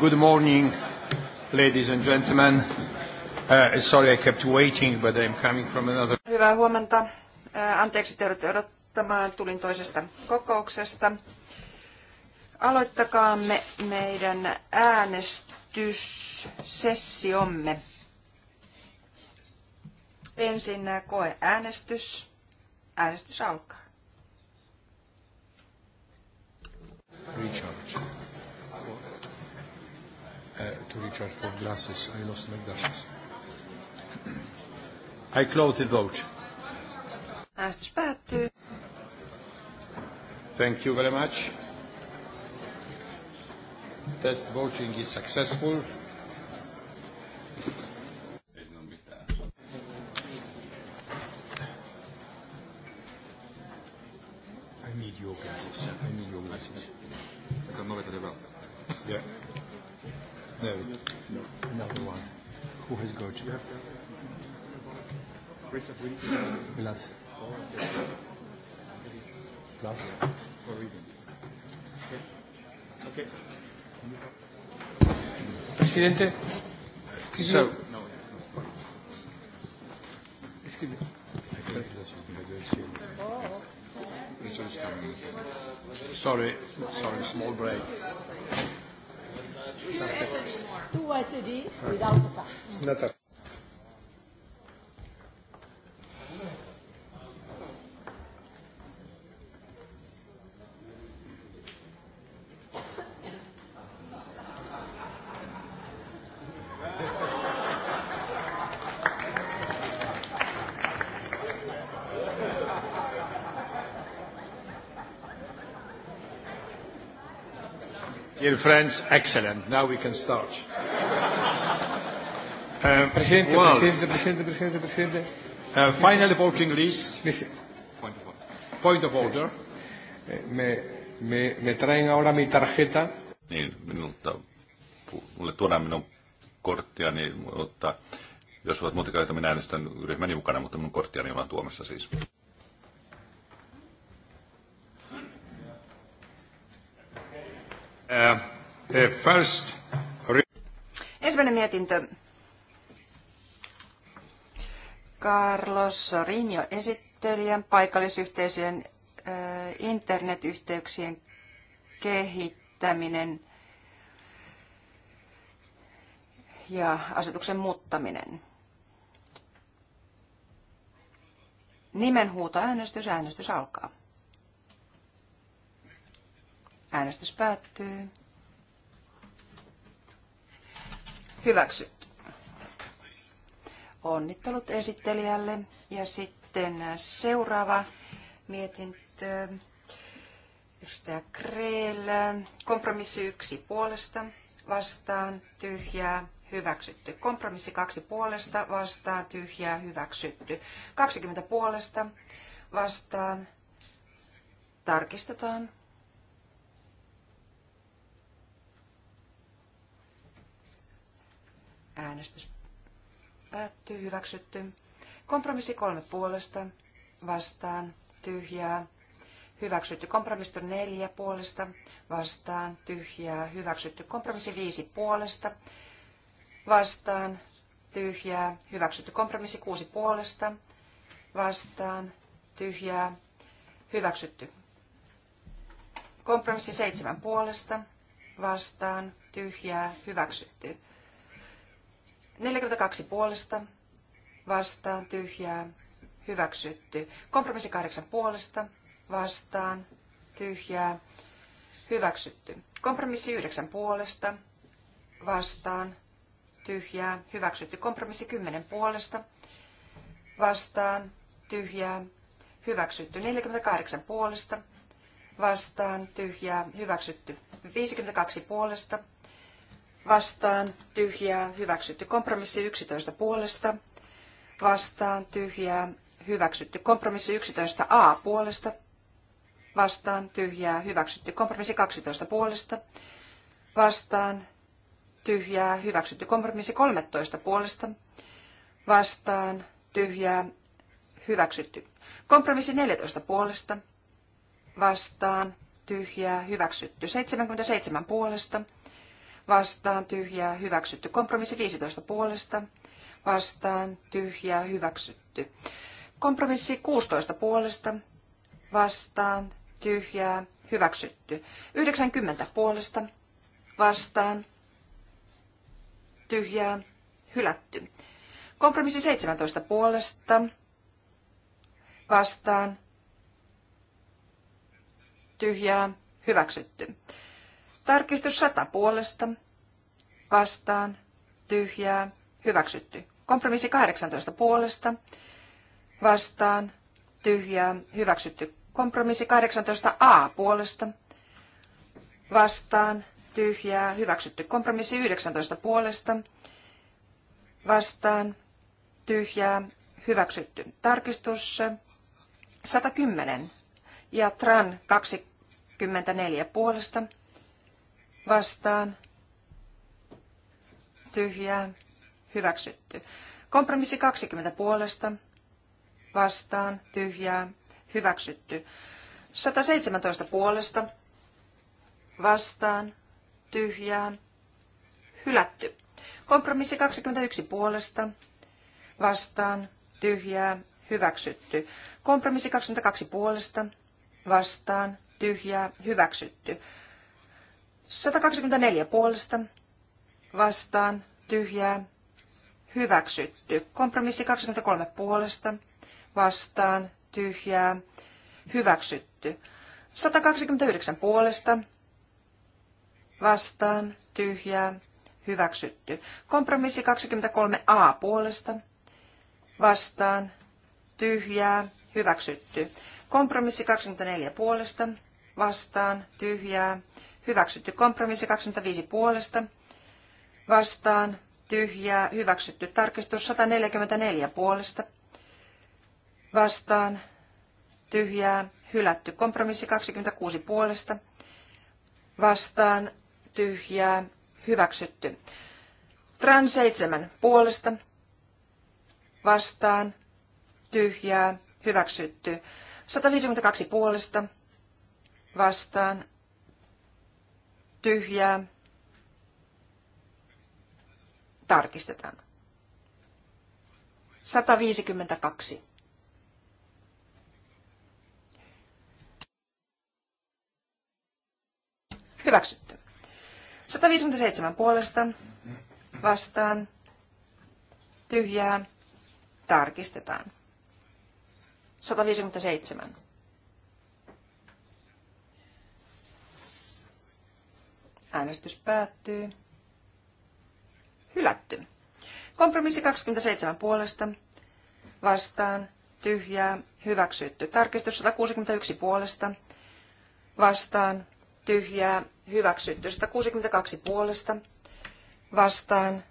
C: Good morning, ladies and gentlemen. Uh, sorry I kept waiting, but I'm coming from another...
A: Hyvää huomenta. Anteeksi, teidät odottamaan. Tulin toisesta kokouksesta. Aloittakaamme meidän äänestyssessiomme. Ensin koe äänestys. Äänestys alkaa.
C: Richard to Richard for glasses. I lost my glasses. I close the vote.
A: Äänestys
C: Thank you very much. Test voting is successful. Presidente. Dear friends, excellent. Now we can start. Eh, presidente, well, presidente, presidente, presidente, presidente.
B: Uh, final voting
C: list. Point of order. Point of order. Eh, me, me, me traen ahora mi tarjeta. Niin, minulta, mulle tuodaan minun korttiani, niin, mutta jos ovat muuten käytä, minä äänestän ryhmäni mukana, mutta minun korttiani on tuomassa siis. Eh, first...
A: Ensimmäinen mietintö. Carlos Sorinio esittelijän paikallisyhteisöjen eh, internetyhteyksien kehittäminen ja asetuksen muuttaminen. Nimenhuutoäänestys, äänestys alkaa. Äänestys päättyy. Hyväksytty. Onnittelut esittelijälle. Ja sitten seuraava mietintö. Edustaja Kreel. Kompromissi yksi puolesta vastaan tyhjää hyväksytty. Kompromissi kaksi puolesta vastaan tyhjää hyväksytty. 20 puolesta vastaan tarkistetaan Äänestys päättyy. Hyväksytty. Kompromissi kolme puolesta. Vastaan. Tyhjää. Hyväksytty kompromissi neljä puolesta. Vastaan. Tyhjää. Hyväksytty kompromissi viisi puolesta. Vastaan. Tyhjää. Hyväksytty kompromissi kuusi puolesta. Vastaan. Tyhjää. Hyväksytty. Kompromissi seitsemän puolesta. Vastaan. Tyhjää. Hyväksytty. 42 puolesta, vastaan, tyhjää, hyväksytty. Kompromissi 8 puolesta, vastaan, tyhjää, hyväksytty. Kompromissi 9 puolesta, vastaan, tyhjää, hyväksytty. Kompromissi 10 puolesta, vastaan, tyhjää, hyväksytty. 48 puolesta, vastaan, tyhjää, hyväksytty. 52 puolesta, vastaan tyhjää hyväksytty. Kompromissi 11 puolesta vastaan tyhjää hyväksytty. Kompromissi 11a puolesta vastaan tyhjää hyväksytty. Kompromissi 12 puolesta vastaan tyhjää hyväksytty. Kompromissi 13 puolesta vastaan tyhjää hyväksytty. Kompromissi 14 puolesta vastaan tyhjää hyväksytty. 77 puolesta vastaan tyhjää hyväksytty. Kompromissi 15 puolesta vastaan tyhjää hyväksytty. Kompromissi 16 puolesta vastaan tyhjää hyväksytty. 90 puolesta vastaan tyhjää hylätty. Kompromissi 17 puolesta vastaan tyhjää hyväksytty. Tarkistus 100 puolesta. Vastaan. Tyhjää. Hyväksytty. Kompromissi 18 puolesta. Vastaan. Tyhjää. Hyväksytty. Kompromissi 18a puolesta. Vastaan. Tyhjää. Hyväksytty. Kompromissi 19 puolesta. Vastaan. Tyhjää. Hyväksytty. Tarkistus 110 ja TRAN 24 puolesta vastaan, tyhjää, hyväksytty. Kompromissi 20 puolesta, vastaan, tyhjää, hyväksytty. 117 puolesta, vastaan, tyhjää, hylätty. Kompromissi 21 puolesta, vastaan, tyhjää, hyväksytty. Kompromissi 22 puolesta, vastaan, tyhjää, hyväksytty. 124 puolesta vastaan tyhjää hyväksytty. Kompromissi 23 puolesta vastaan tyhjää hyväksytty. 129 puolesta vastaan tyhjää hyväksytty. Kompromissi 23a puolesta vastaan tyhjää hyväksytty. Kompromissi 24 puolesta vastaan tyhjää Hyväksytty kompromissi 25 puolesta. Vastaan. Tyhjää. Hyväksytty tarkistus 144 puolesta. Vastaan. Tyhjää. Hylätty kompromissi 26 puolesta. Vastaan. Tyhjää. Hyväksytty. Tran 7 puolesta. Vastaan. Tyhjää. Hyväksytty. 152 puolesta. Vastaan tyhjää. Tarkistetaan. 152. Hyväksytty. 157 puolesta vastaan tyhjää tarkistetaan. 157. Äänestys päättyy. Hylätty. Kompromissi 27 puolesta. Vastaan. Tyhjää. Hyväksytty. Tarkistus 161 puolesta. Vastaan. Tyhjää. Hyväksytty. 162 puolesta. Vastaan.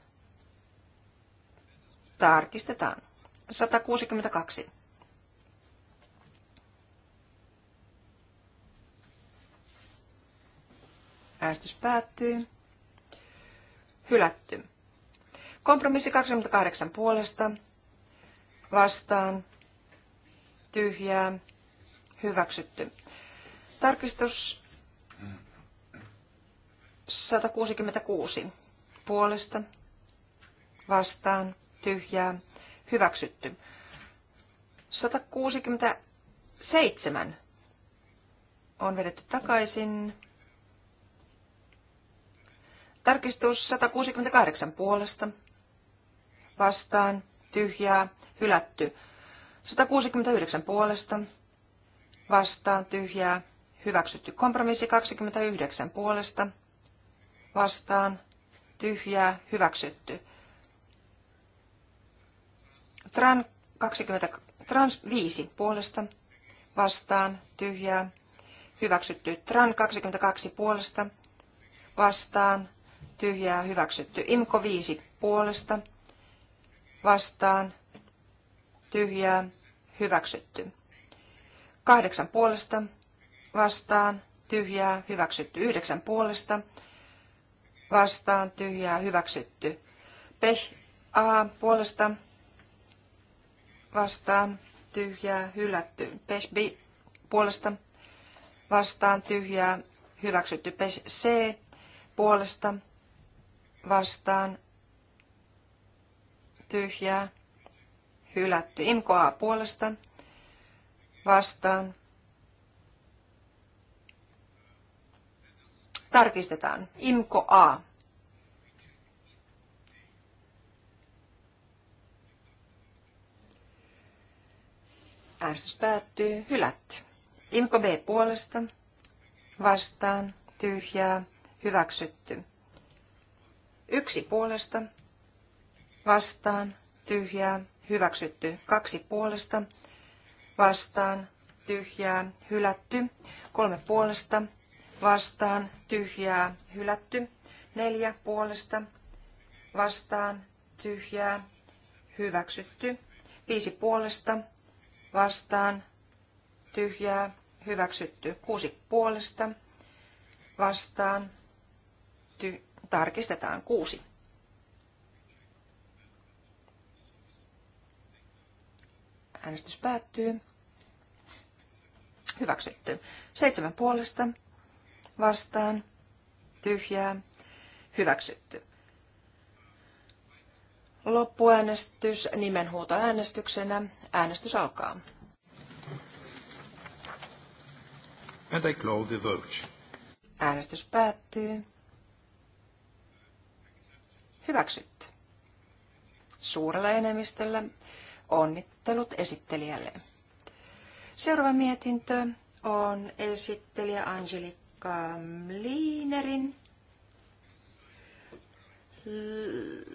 A: Tarkistetaan. 162. Äänestys päättyy. Hylätty. Kompromissi 28 puolesta. Vastaan. Tyhjää. Hyväksytty. Tarkistus 166 puolesta. Vastaan. Tyhjää. Hyväksytty. 167 on vedetty takaisin. Tarkistus 168 puolesta. Vastaan. Tyhjää. Hylätty. 169 puolesta. Vastaan. Tyhjää. Hyväksytty. Kompromissi 29 puolesta. Vastaan. Tyhjää. Hyväksytty. Tran 20, trans 5 puolesta. Vastaan. Tyhjää. Hyväksytty. Tran 22 puolesta. Vastaan tyhjää hyväksytty. Imko 5 puolesta vastaan tyhjää hyväksytty. 8 puolesta vastaan tyhjää hyväksytty. 9 puolesta vastaan tyhjää hyväksytty. Peh A puolesta vastaan tyhjää hylätty. Peh B puolesta vastaan tyhjää hyväksytty. Peh C puolesta vastaan tyhjää hylätty. Imko A puolesta vastaan tarkistetaan. Imko A. Äänestys päättyy. Hylätty. Imko B puolesta. Vastaan. Tyhjää. Hyväksytty. Yksi puolesta, vastaan, tyhjää, hyväksytty. Kaksi puolesta, vastaan, tyhjää, hylätty. Kolme puolesta, vastaan, tyhjää, hylätty. Neljä puolesta, vastaan, tyhjää, hyväksytty. Viisi puolesta, vastaan, tyhjää, hyväksytty. Kuusi puolesta, vastaan, ty- Tarkistetaan kuusi. Äänestys päättyy. Hyväksytty. Seitsemän puolesta. Vastaan. Tyhjää. Hyväksytty. Loppuäänestys nimenhuutoäänestyksenä. Äänestys alkaa.
C: And I close the vote.
A: Äänestys päättyy. Hyväksytty. Suurella enemmistöllä onnittelut esittelijälle. Seuraava mietintö on esittelijä Angelikka Liinerin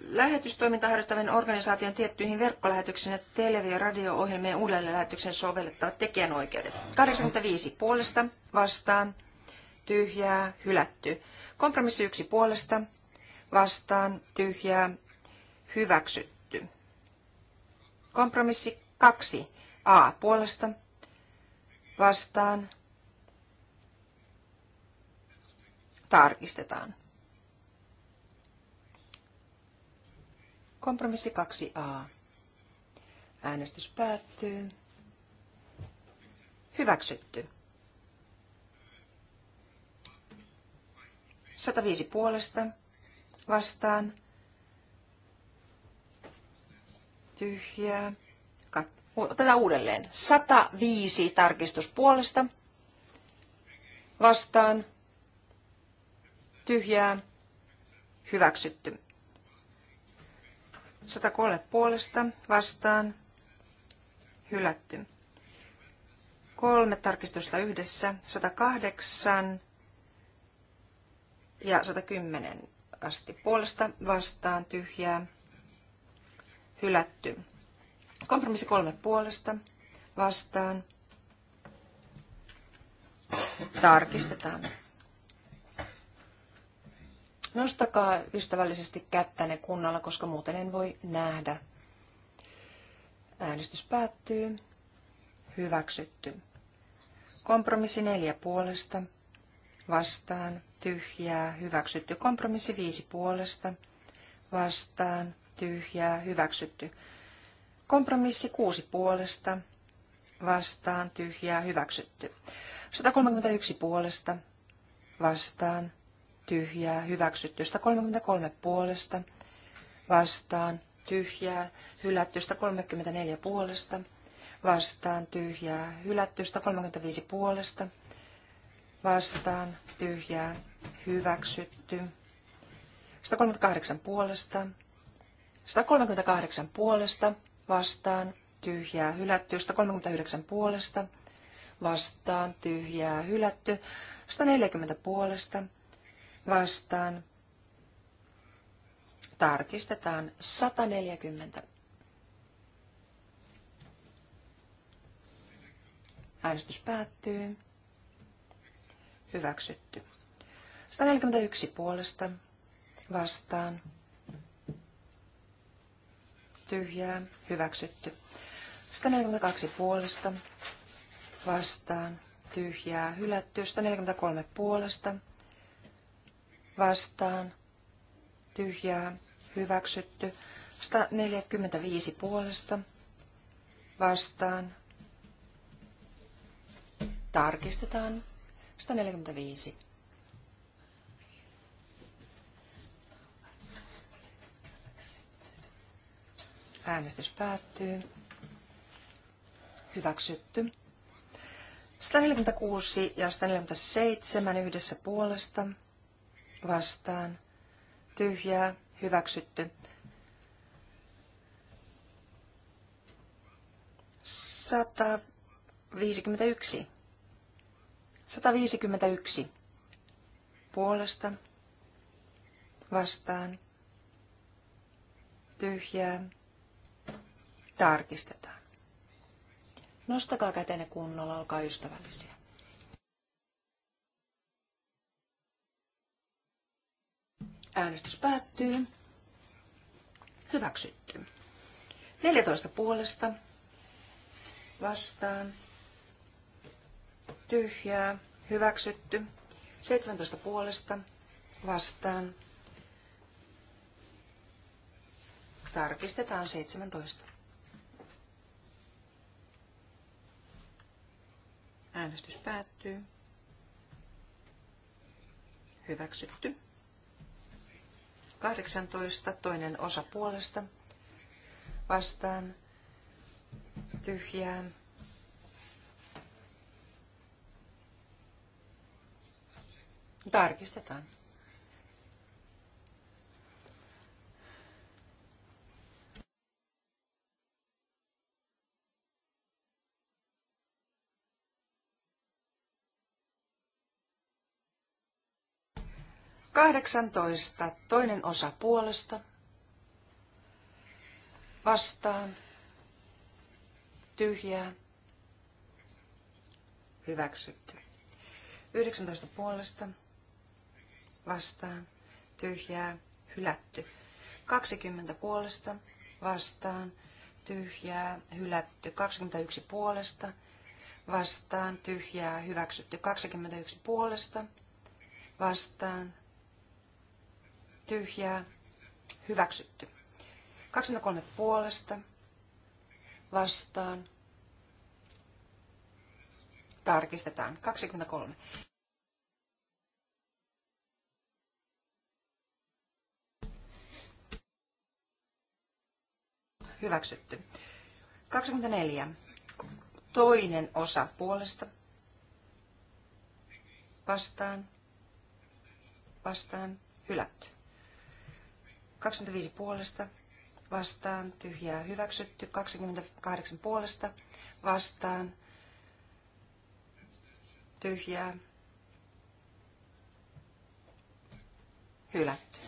A: Lähetystoiminta harjoittavan organisaation tiettyihin verkkolähetyksiin ja televi- ja radio-ohjelmien uudelleenlähetyksen sovellettavat tekijänoikeudet. 85 puolesta vastaan, tyhjää, hylätty. Kompromissi yksi puolesta vastaan tyhjää hyväksytty. Kompromissi 2 A puolesta vastaan tarkistetaan. Kompromissi 2a. Äänestys päättyy. Hyväksytty. 105 puolesta vastaan. Tyhjää. Otetaan uudelleen. 105 tarkistuspuolesta vastaan. Tyhjää. Hyväksytty. 103 puolesta vastaan. Hylätty. Kolme tarkistusta yhdessä. 108 ja 110 tarkasti. Puolesta vastaan tyhjää hylätty. Kompromissi kolme puolesta vastaan. Tarkistetaan. Nostakaa ystävällisesti kättäne kunnolla, koska muuten en voi nähdä. Äänestys päättyy. Hyväksytty. Kompromissi neljä puolesta. Vastaan tyhjää, hyväksytty. Kompromissi viisi puolesta, vastaan, tyhjää, hyväksytty. Kompromissi kuusi puolesta, vastaan, tyhjää, hyväksytty. 131 puolesta, vastaan, tyhjää, hyväksytty. 133 puolesta, vastaan, tyhjää, hylätty. 134 puolesta, vastaan, tyhjää, hylätty. 135 puolesta, vastaan, tyhjää, hyväksytty. 138 puolesta, 138 puolesta, vastaan, tyhjää, hylätty. 139 puolesta, vastaan, tyhjää, hylätty. 140 puolesta, vastaan, tarkistetaan 140. Äänestys päättyy. Hyväksytty. 141 puolesta vastaan. Tyhjää. Hyväksytty. 142 puolesta vastaan. Tyhjää. Hylätty. 143 puolesta vastaan. Tyhjää. Hyväksytty. 145 puolesta vastaan. Tarkistetaan. 145. Äänestys päättyy. Hyväksytty. 146 ja 147 yhdessä puolesta vastaan. Tyhjää. Hyväksytty. 151. 151. Puolesta. Vastaan. Tyhjää tarkistetaan. Nostakaa kätenne kunnolla, olkaa ystävällisiä. Äänestys päättyy. Hyväksytty. 14 puolesta. Vastaan. Tyhjää. Hyväksytty. 17 puolesta. Vastaan. Tarkistetaan 17. Äänestys päättyy. Hyväksytty. 18. Toinen osa puolesta. Vastaan. Tyhjää. Tarkistetaan. 18. Toinen osa puolesta. Vastaan. Tyhjää. Hyväksytty. 19 puolesta. Vastaan. Tyhjää. Hylätty. 20 puolesta. Vastaan. Tyhjää. Hylätty. 21 puolesta. Vastaan. Tyhjää. Hyväksytty. 21 puolesta. Vastaan tyhjää, hyväksytty. 23 puolesta, vastaan, tarkistetaan, 23. Hyväksytty. 24. Toinen osa puolesta. Vastaan. Vastaan. Hylätty. 25 puolesta vastaan, tyhjää hyväksytty. 28 puolesta vastaan, tyhjää hylätty.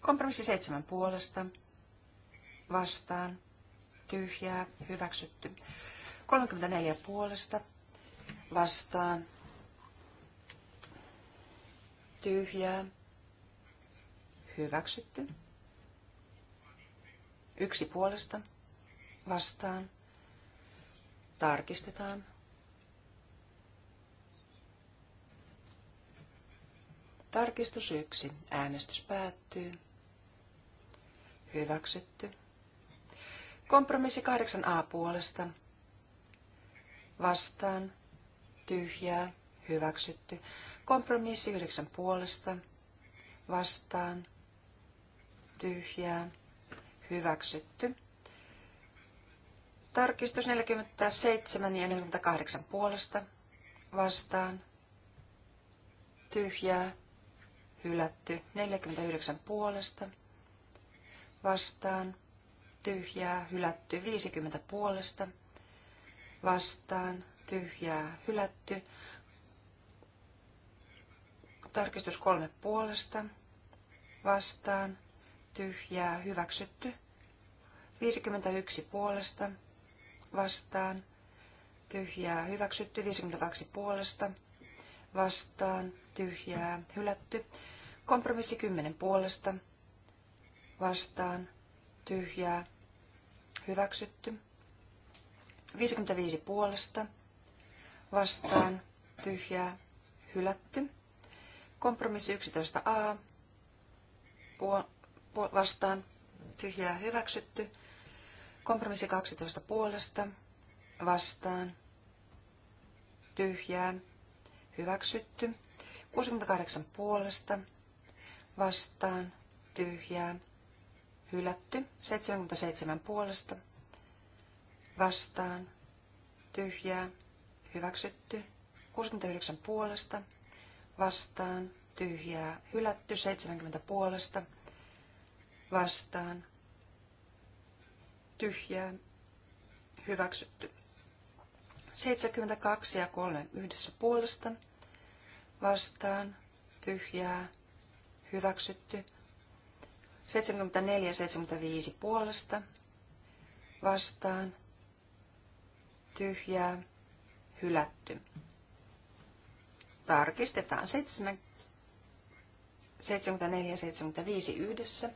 A: Kompromissi 7 puolesta. Vastaan. Tyhjää. Hyväksytty. 34 puolesta. Vastaan tyhjää, hyväksytty. Yksi puolesta, vastaan, tarkistetaan. Tarkistus yksi, äänestys päättyy, hyväksytty. Kompromissi 8a puolesta, vastaan, tyhjää, hyväksytty. Kompromissi yhdeksän puolesta, vastaan, tyhjää, hyväksytty. Tarkistus 47 ja 48 puolesta, vastaan, tyhjää, hylätty. 49 puolesta, vastaan, tyhjää, hylätty. 50 puolesta, vastaan, tyhjää, hylätty. Tarkistus kolme puolesta. Vastaan. Tyhjää. Hyväksytty. 51 puolesta. Vastaan. Tyhjää. Hyväksytty. 52 puolesta. Vastaan. Tyhjää. Hylätty. Kompromissi 10 puolesta. Vastaan. Tyhjää. Hyväksytty. 55 puolesta. Vastaan. Tyhjää. Hylätty. Kompromissi 11a. Puol- vastaan. Tyhjää hyväksytty. Kompromissi 12 puolesta. Vastaan. Tyhjää. Hyväksytty. 68 puolesta. Vastaan. Tyhjää. Hylätty. 77 puolesta. Vastaan. Tyhjää. Hyväksytty. 69 puolesta vastaan, tyhjää, hylätty. 70 puolesta vastaan, tyhjää, hyväksytty. 72 ja 3 yhdessä puolesta vastaan, tyhjää, hyväksytty. 74 ja 75 puolesta vastaan, tyhjää, hylätty. Tarkistetaan 7, 74 75 yhdessä.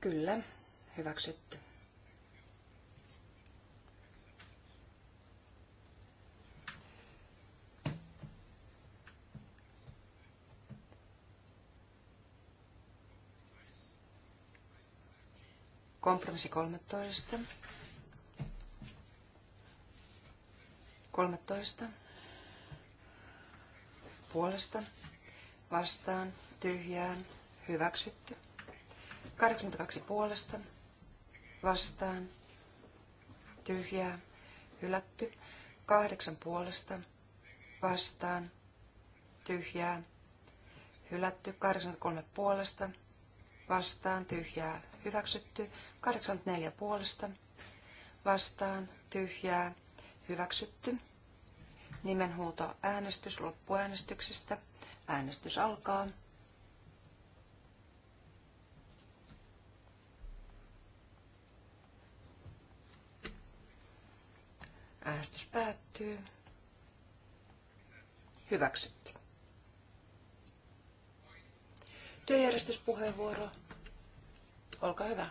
A: Kyllä, hyväksytty. Kompromissi 13. 13 puolesta vastaan tyhjään hyväksytty. 82 puolesta vastaan tyhjää hylätty. 8 puolesta vastaan tyhjää hylätty. 83 puolesta vastaan tyhjää hyväksytty. 84 puolesta vastaan tyhjää hyväksytty. Nimenhuuto äänestys loppuäänestyksestä. Äänestys alkaa. Äänestys päättyy. Hyväksytty. Työjärjestyspuheenvuoro. Olkaa hyvä.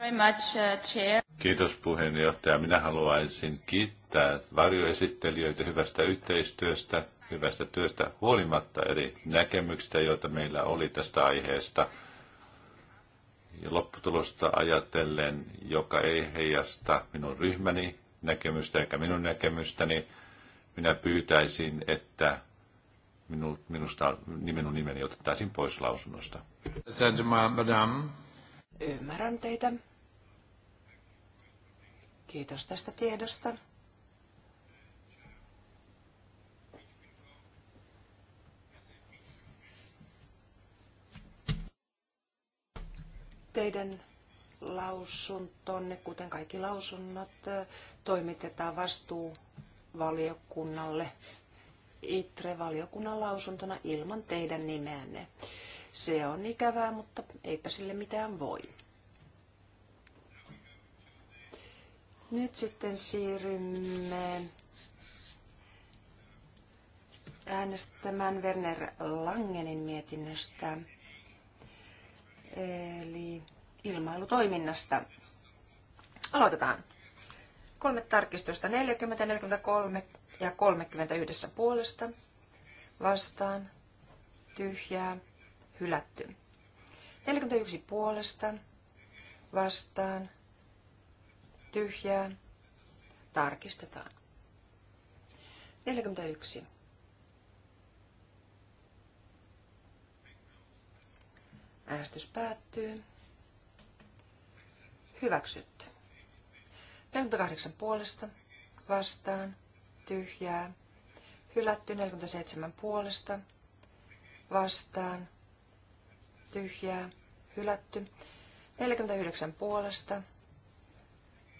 A: Very much, uh, chair.
C: Kiitos puheenjohtaja. Minä haluaisin kiittää varjoesittelijöitä hyvästä yhteistyöstä, hyvästä työstä huolimatta eri näkemyksistä, joita meillä oli tästä aiheesta. Ja lopputulosta ajatellen, joka ei heijasta minun ryhmäni näkemystä eikä minun näkemystäni, minä pyytäisin, että minun, minusta, minun nimeni otettaisiin pois lausunnosta.
A: Ymmärrän teitä. Kiitos tästä tiedosta. Teidän lausuntonne, kuten kaikki lausunnot, toimitetaan vastuuvaliokunnalle ITRE-valiokunnan lausuntona ilman teidän nimeänne. Se on ikävää, mutta eipä sille mitään voi. Nyt sitten siirrymme äänestämään Werner Langenin mietinnöstä, eli ilmailutoiminnasta. Aloitetaan. Kolme tarkistusta 40, 43 ja 31 puolesta. Vastaan. Tyhjää. Hylätty. 41 puolesta. Vastaan tyhjää, tarkistetaan. 41. Äänestys päättyy. Hyväksytty. 48 puolesta, vastaan, tyhjää, hylätty 47 puolesta, vastaan, tyhjää, hylätty 49 puolesta,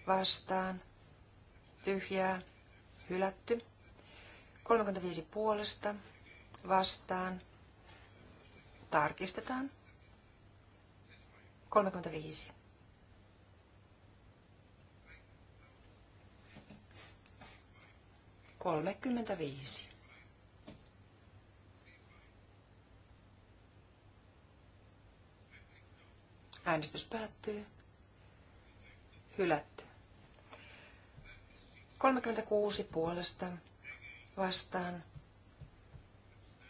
A: vastaan, tyhjää, hylätty. 35 puolesta, vastaan, tarkistetaan. 35. viisi Äänestys päättyy. Hylätty. 36 puolesta vastaan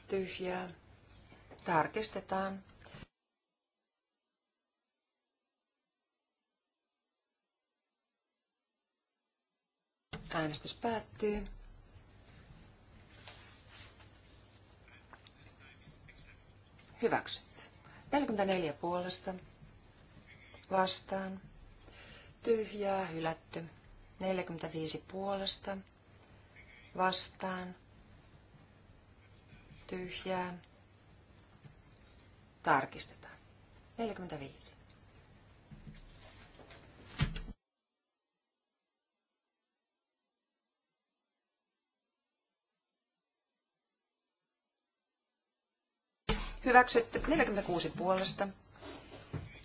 A: tyhjää. Tarkistetaan. Äänestys päättyy. Hyväksytty. 44 puolesta vastaan. Tyhjää, hylätty. 45 puolesta vastaan tyhjää. Tarkistetaan. 45. Hyväksytty 46 puolesta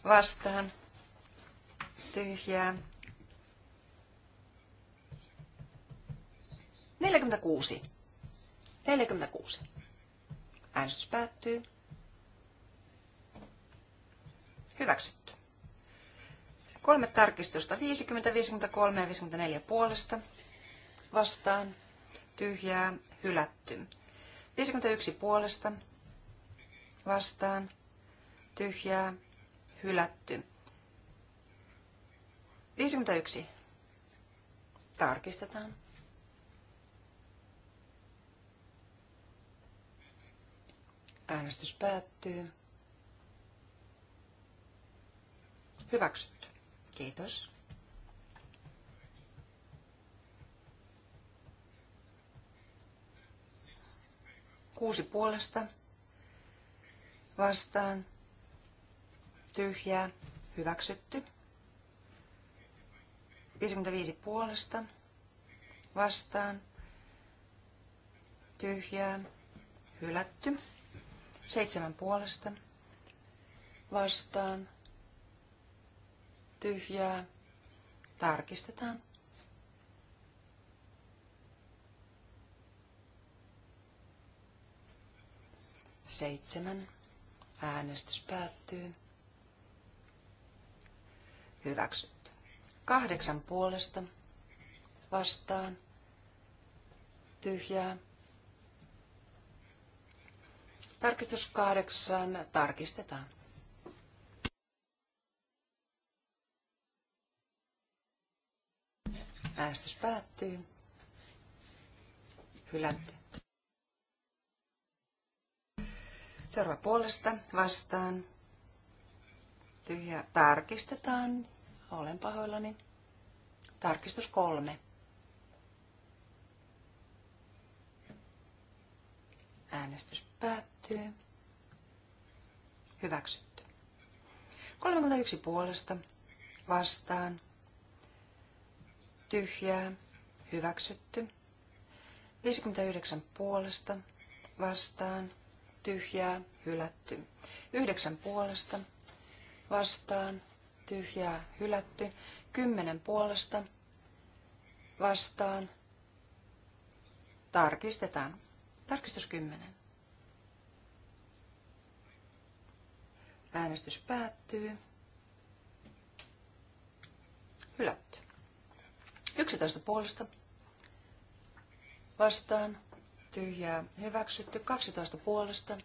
A: vastaan tyhjää 46. 46. Äänestys päättyy. Hyväksytty. Kolme tarkistusta. 50, 53 ja 54 puolesta. Vastaan. Tyhjää. Hylätty. 51 puolesta. Vastaan. Tyhjää. Hylätty. 51. Tarkistetaan. Äänestys päättyy. Hyväksytty. Kiitos. Kuusi puolesta. Vastaan. Tyhjää. Hyväksytty. 55 puolesta. Vastaan. Tyhjää. Hylätty. Seitsemän puolesta. Vastaan. Tyhjää. Tarkistetaan. Seitsemän. Äänestys päättyy. Hyväksytty. Kahdeksan puolesta. Vastaan. Tyhjää Tarkistus kahdeksan tarkistetaan. Äänestys päättyy. Hylätty. Seuraava puolesta vastaan. Tyhjä. Tarkistetaan. Olen pahoillani. Tarkistus kolme. Äänestys päättyy. Hyväksytty. 31 puolesta vastaan. Tyhjää. Hyväksytty. 59 puolesta vastaan. Tyhjää. Hylätty. 9 puolesta vastaan. Tyhjää. Hylätty. 10 puolesta vastaan. Tarkistetaan. Tarkistus 10. Äänestys päättyy. Hylätty. 11 puolesta. Vastaan. Tyhjää. Hyväksytty. 12 puolesta.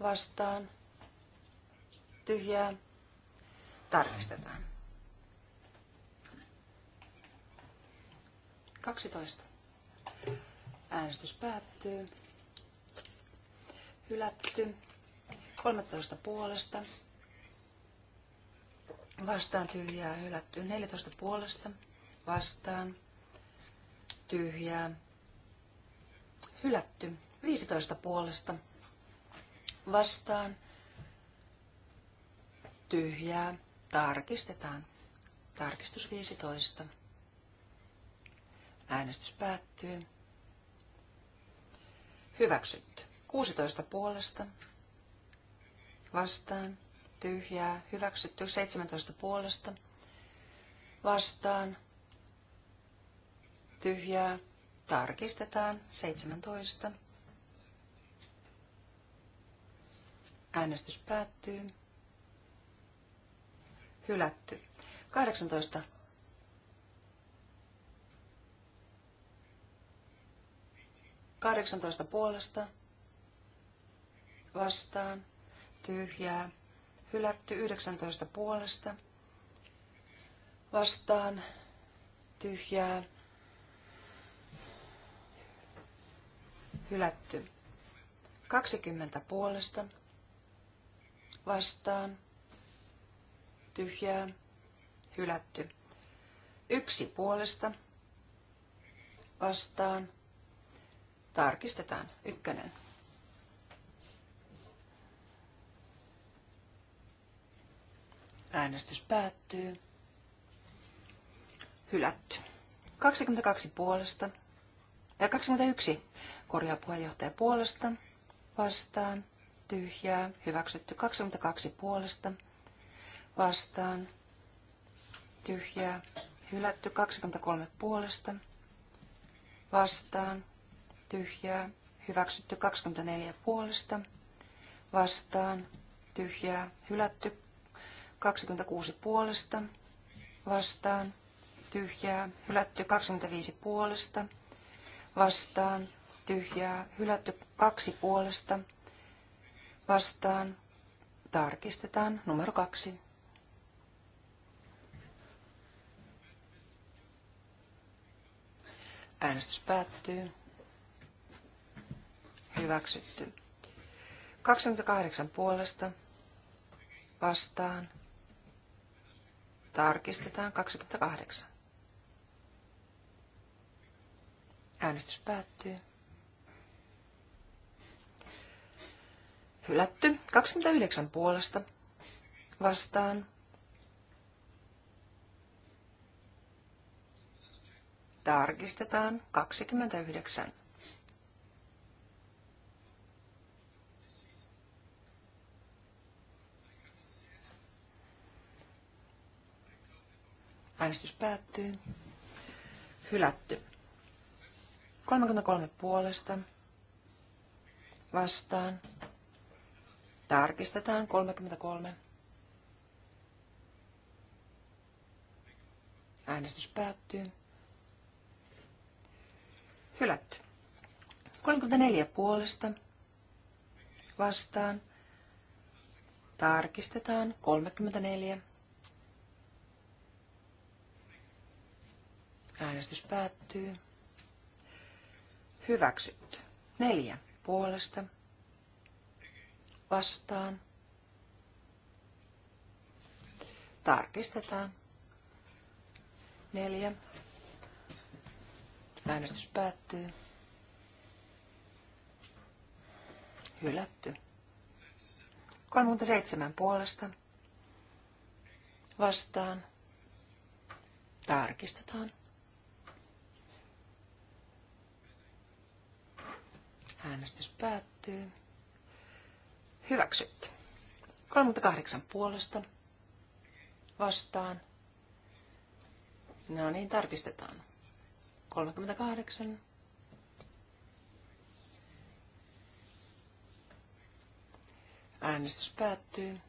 A: Vastaan. Tyhjää. Tarkistetaan. 12. Äänestys päättyy. Hylätty. 13 puolesta. Vastaan tyhjää hylätty. 14 puolesta. Vastaan tyhjää. Hylätty. 15 puolesta. Vastaan tyhjää. Tarkistetaan. Tarkistus 15. Äänestys päättyy. Hyväksytty. 16 puolesta. Vastaan. Tyhjää. Hyväksytty. 17 puolesta. Vastaan. Tyhjää. Tarkistetaan. 17. Äänestys päättyy. Hylätty. 18 18 puolesta vastaan tyhjää. Hylätty 19 puolesta vastaan tyhjää. Hylätty 20 puolesta vastaan tyhjää. Hylätty yksi puolesta vastaan Tarkistetaan. Ykkönen. Äänestys päättyy. Hylätty. 22 puolesta. Ja 21 korjaa puheenjohtaja puolesta. Vastaan. Tyhjää. Hyväksytty. 22 puolesta. Vastaan. Tyhjää. Hylätty. 23 puolesta. Vastaan tyhjää, hyväksytty 24 puolesta, vastaan, tyhjää, hylätty 26 puolesta, vastaan, tyhjää, hylätty 25 puolesta, vastaan, tyhjää, hylätty 2 puolesta, vastaan, tarkistetaan numero 2. Äänestys päättyy hyväksytty. 28 puolesta vastaan. Tarkistetaan 28. Äänestys päättyy. Hylätty 29 puolesta vastaan. Tarkistetaan 29. Äänestys päättyy. Hylätty. 33 puolesta. Vastaan. Tarkistetaan 33. Äänestys päättyy. Hylätty. 34 puolesta. Vastaan. Tarkistetaan 34. Äänestys päättyy. Hyväksytty. Neljä puolesta. Vastaan. Tarkistetaan. Neljä. Äänestys päättyy. Hylätty. 37 puolesta. Vastaan. Tarkistetaan. Äänestys päättyy. Hyväksytty. 38 puolesta. Vastaan. No niin, tarkistetaan. 38. Äänestys päättyy.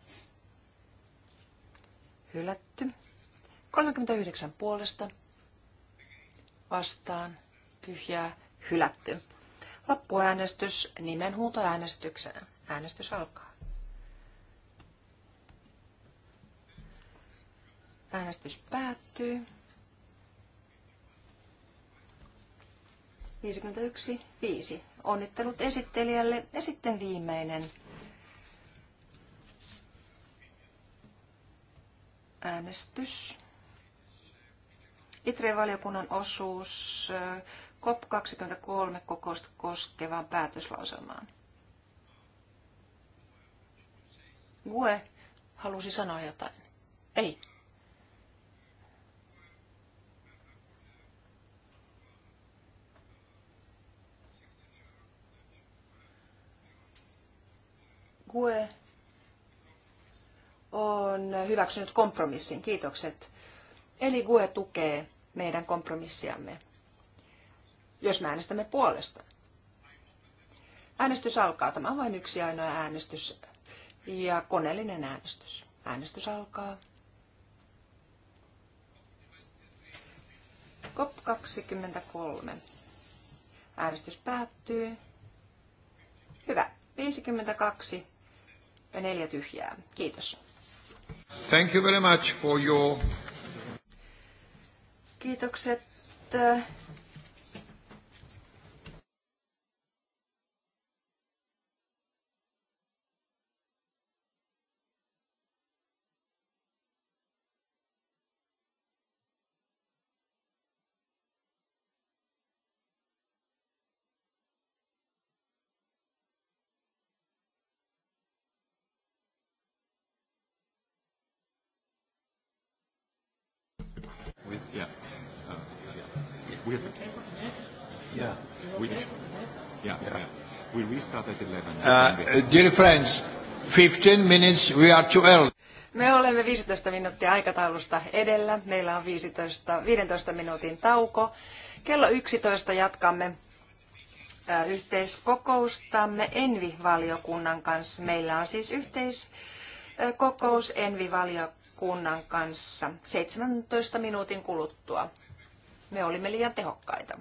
A: Hylätty. 39 puolesta. Vastaan. Tyhjää. Hylätty. Loppuäänestys nimenhuutoäänestyksenä. Äänestys alkaa. Äänestys päättyy. 51.5. Onnittelut esittelijälle. Ja sitten viimeinen äänestys. Itre-valiokunnan osuus COP23 kokousta koskevaan päätöslauselmaan. Gue halusi sanoa jotain. Ei. Gue on hyväksynyt kompromissin. Kiitokset. Eli GUE tukee meidän kompromissiamme jos me äänestämme puolesta. Äänestys alkaa. Tämä on vain yksi ainoa äänestys ja koneellinen äänestys. Äänestys alkaa. COP23. Äänestys päättyy. Hyvä. 52 ja neljä tyhjää. Kiitos.
C: Thank you very much for your...
A: Kiitokset
C: We have. Yeah. We, yeah, yeah. We restart at 11. Uh, dear friends, 15 minutes, we are too early.
A: Me olemme 15 minuuttia aikataulusta edellä. Meillä on 15, 15 minuutin tauko. Kello 11 jatkamme yhteiskokoustamme Envi-valiokunnan kanssa. Meillä on siis yhteiskokous Envi-valiokunnan kanssa 17 minuutin kuluttua. Me olimme liian tehokkaita.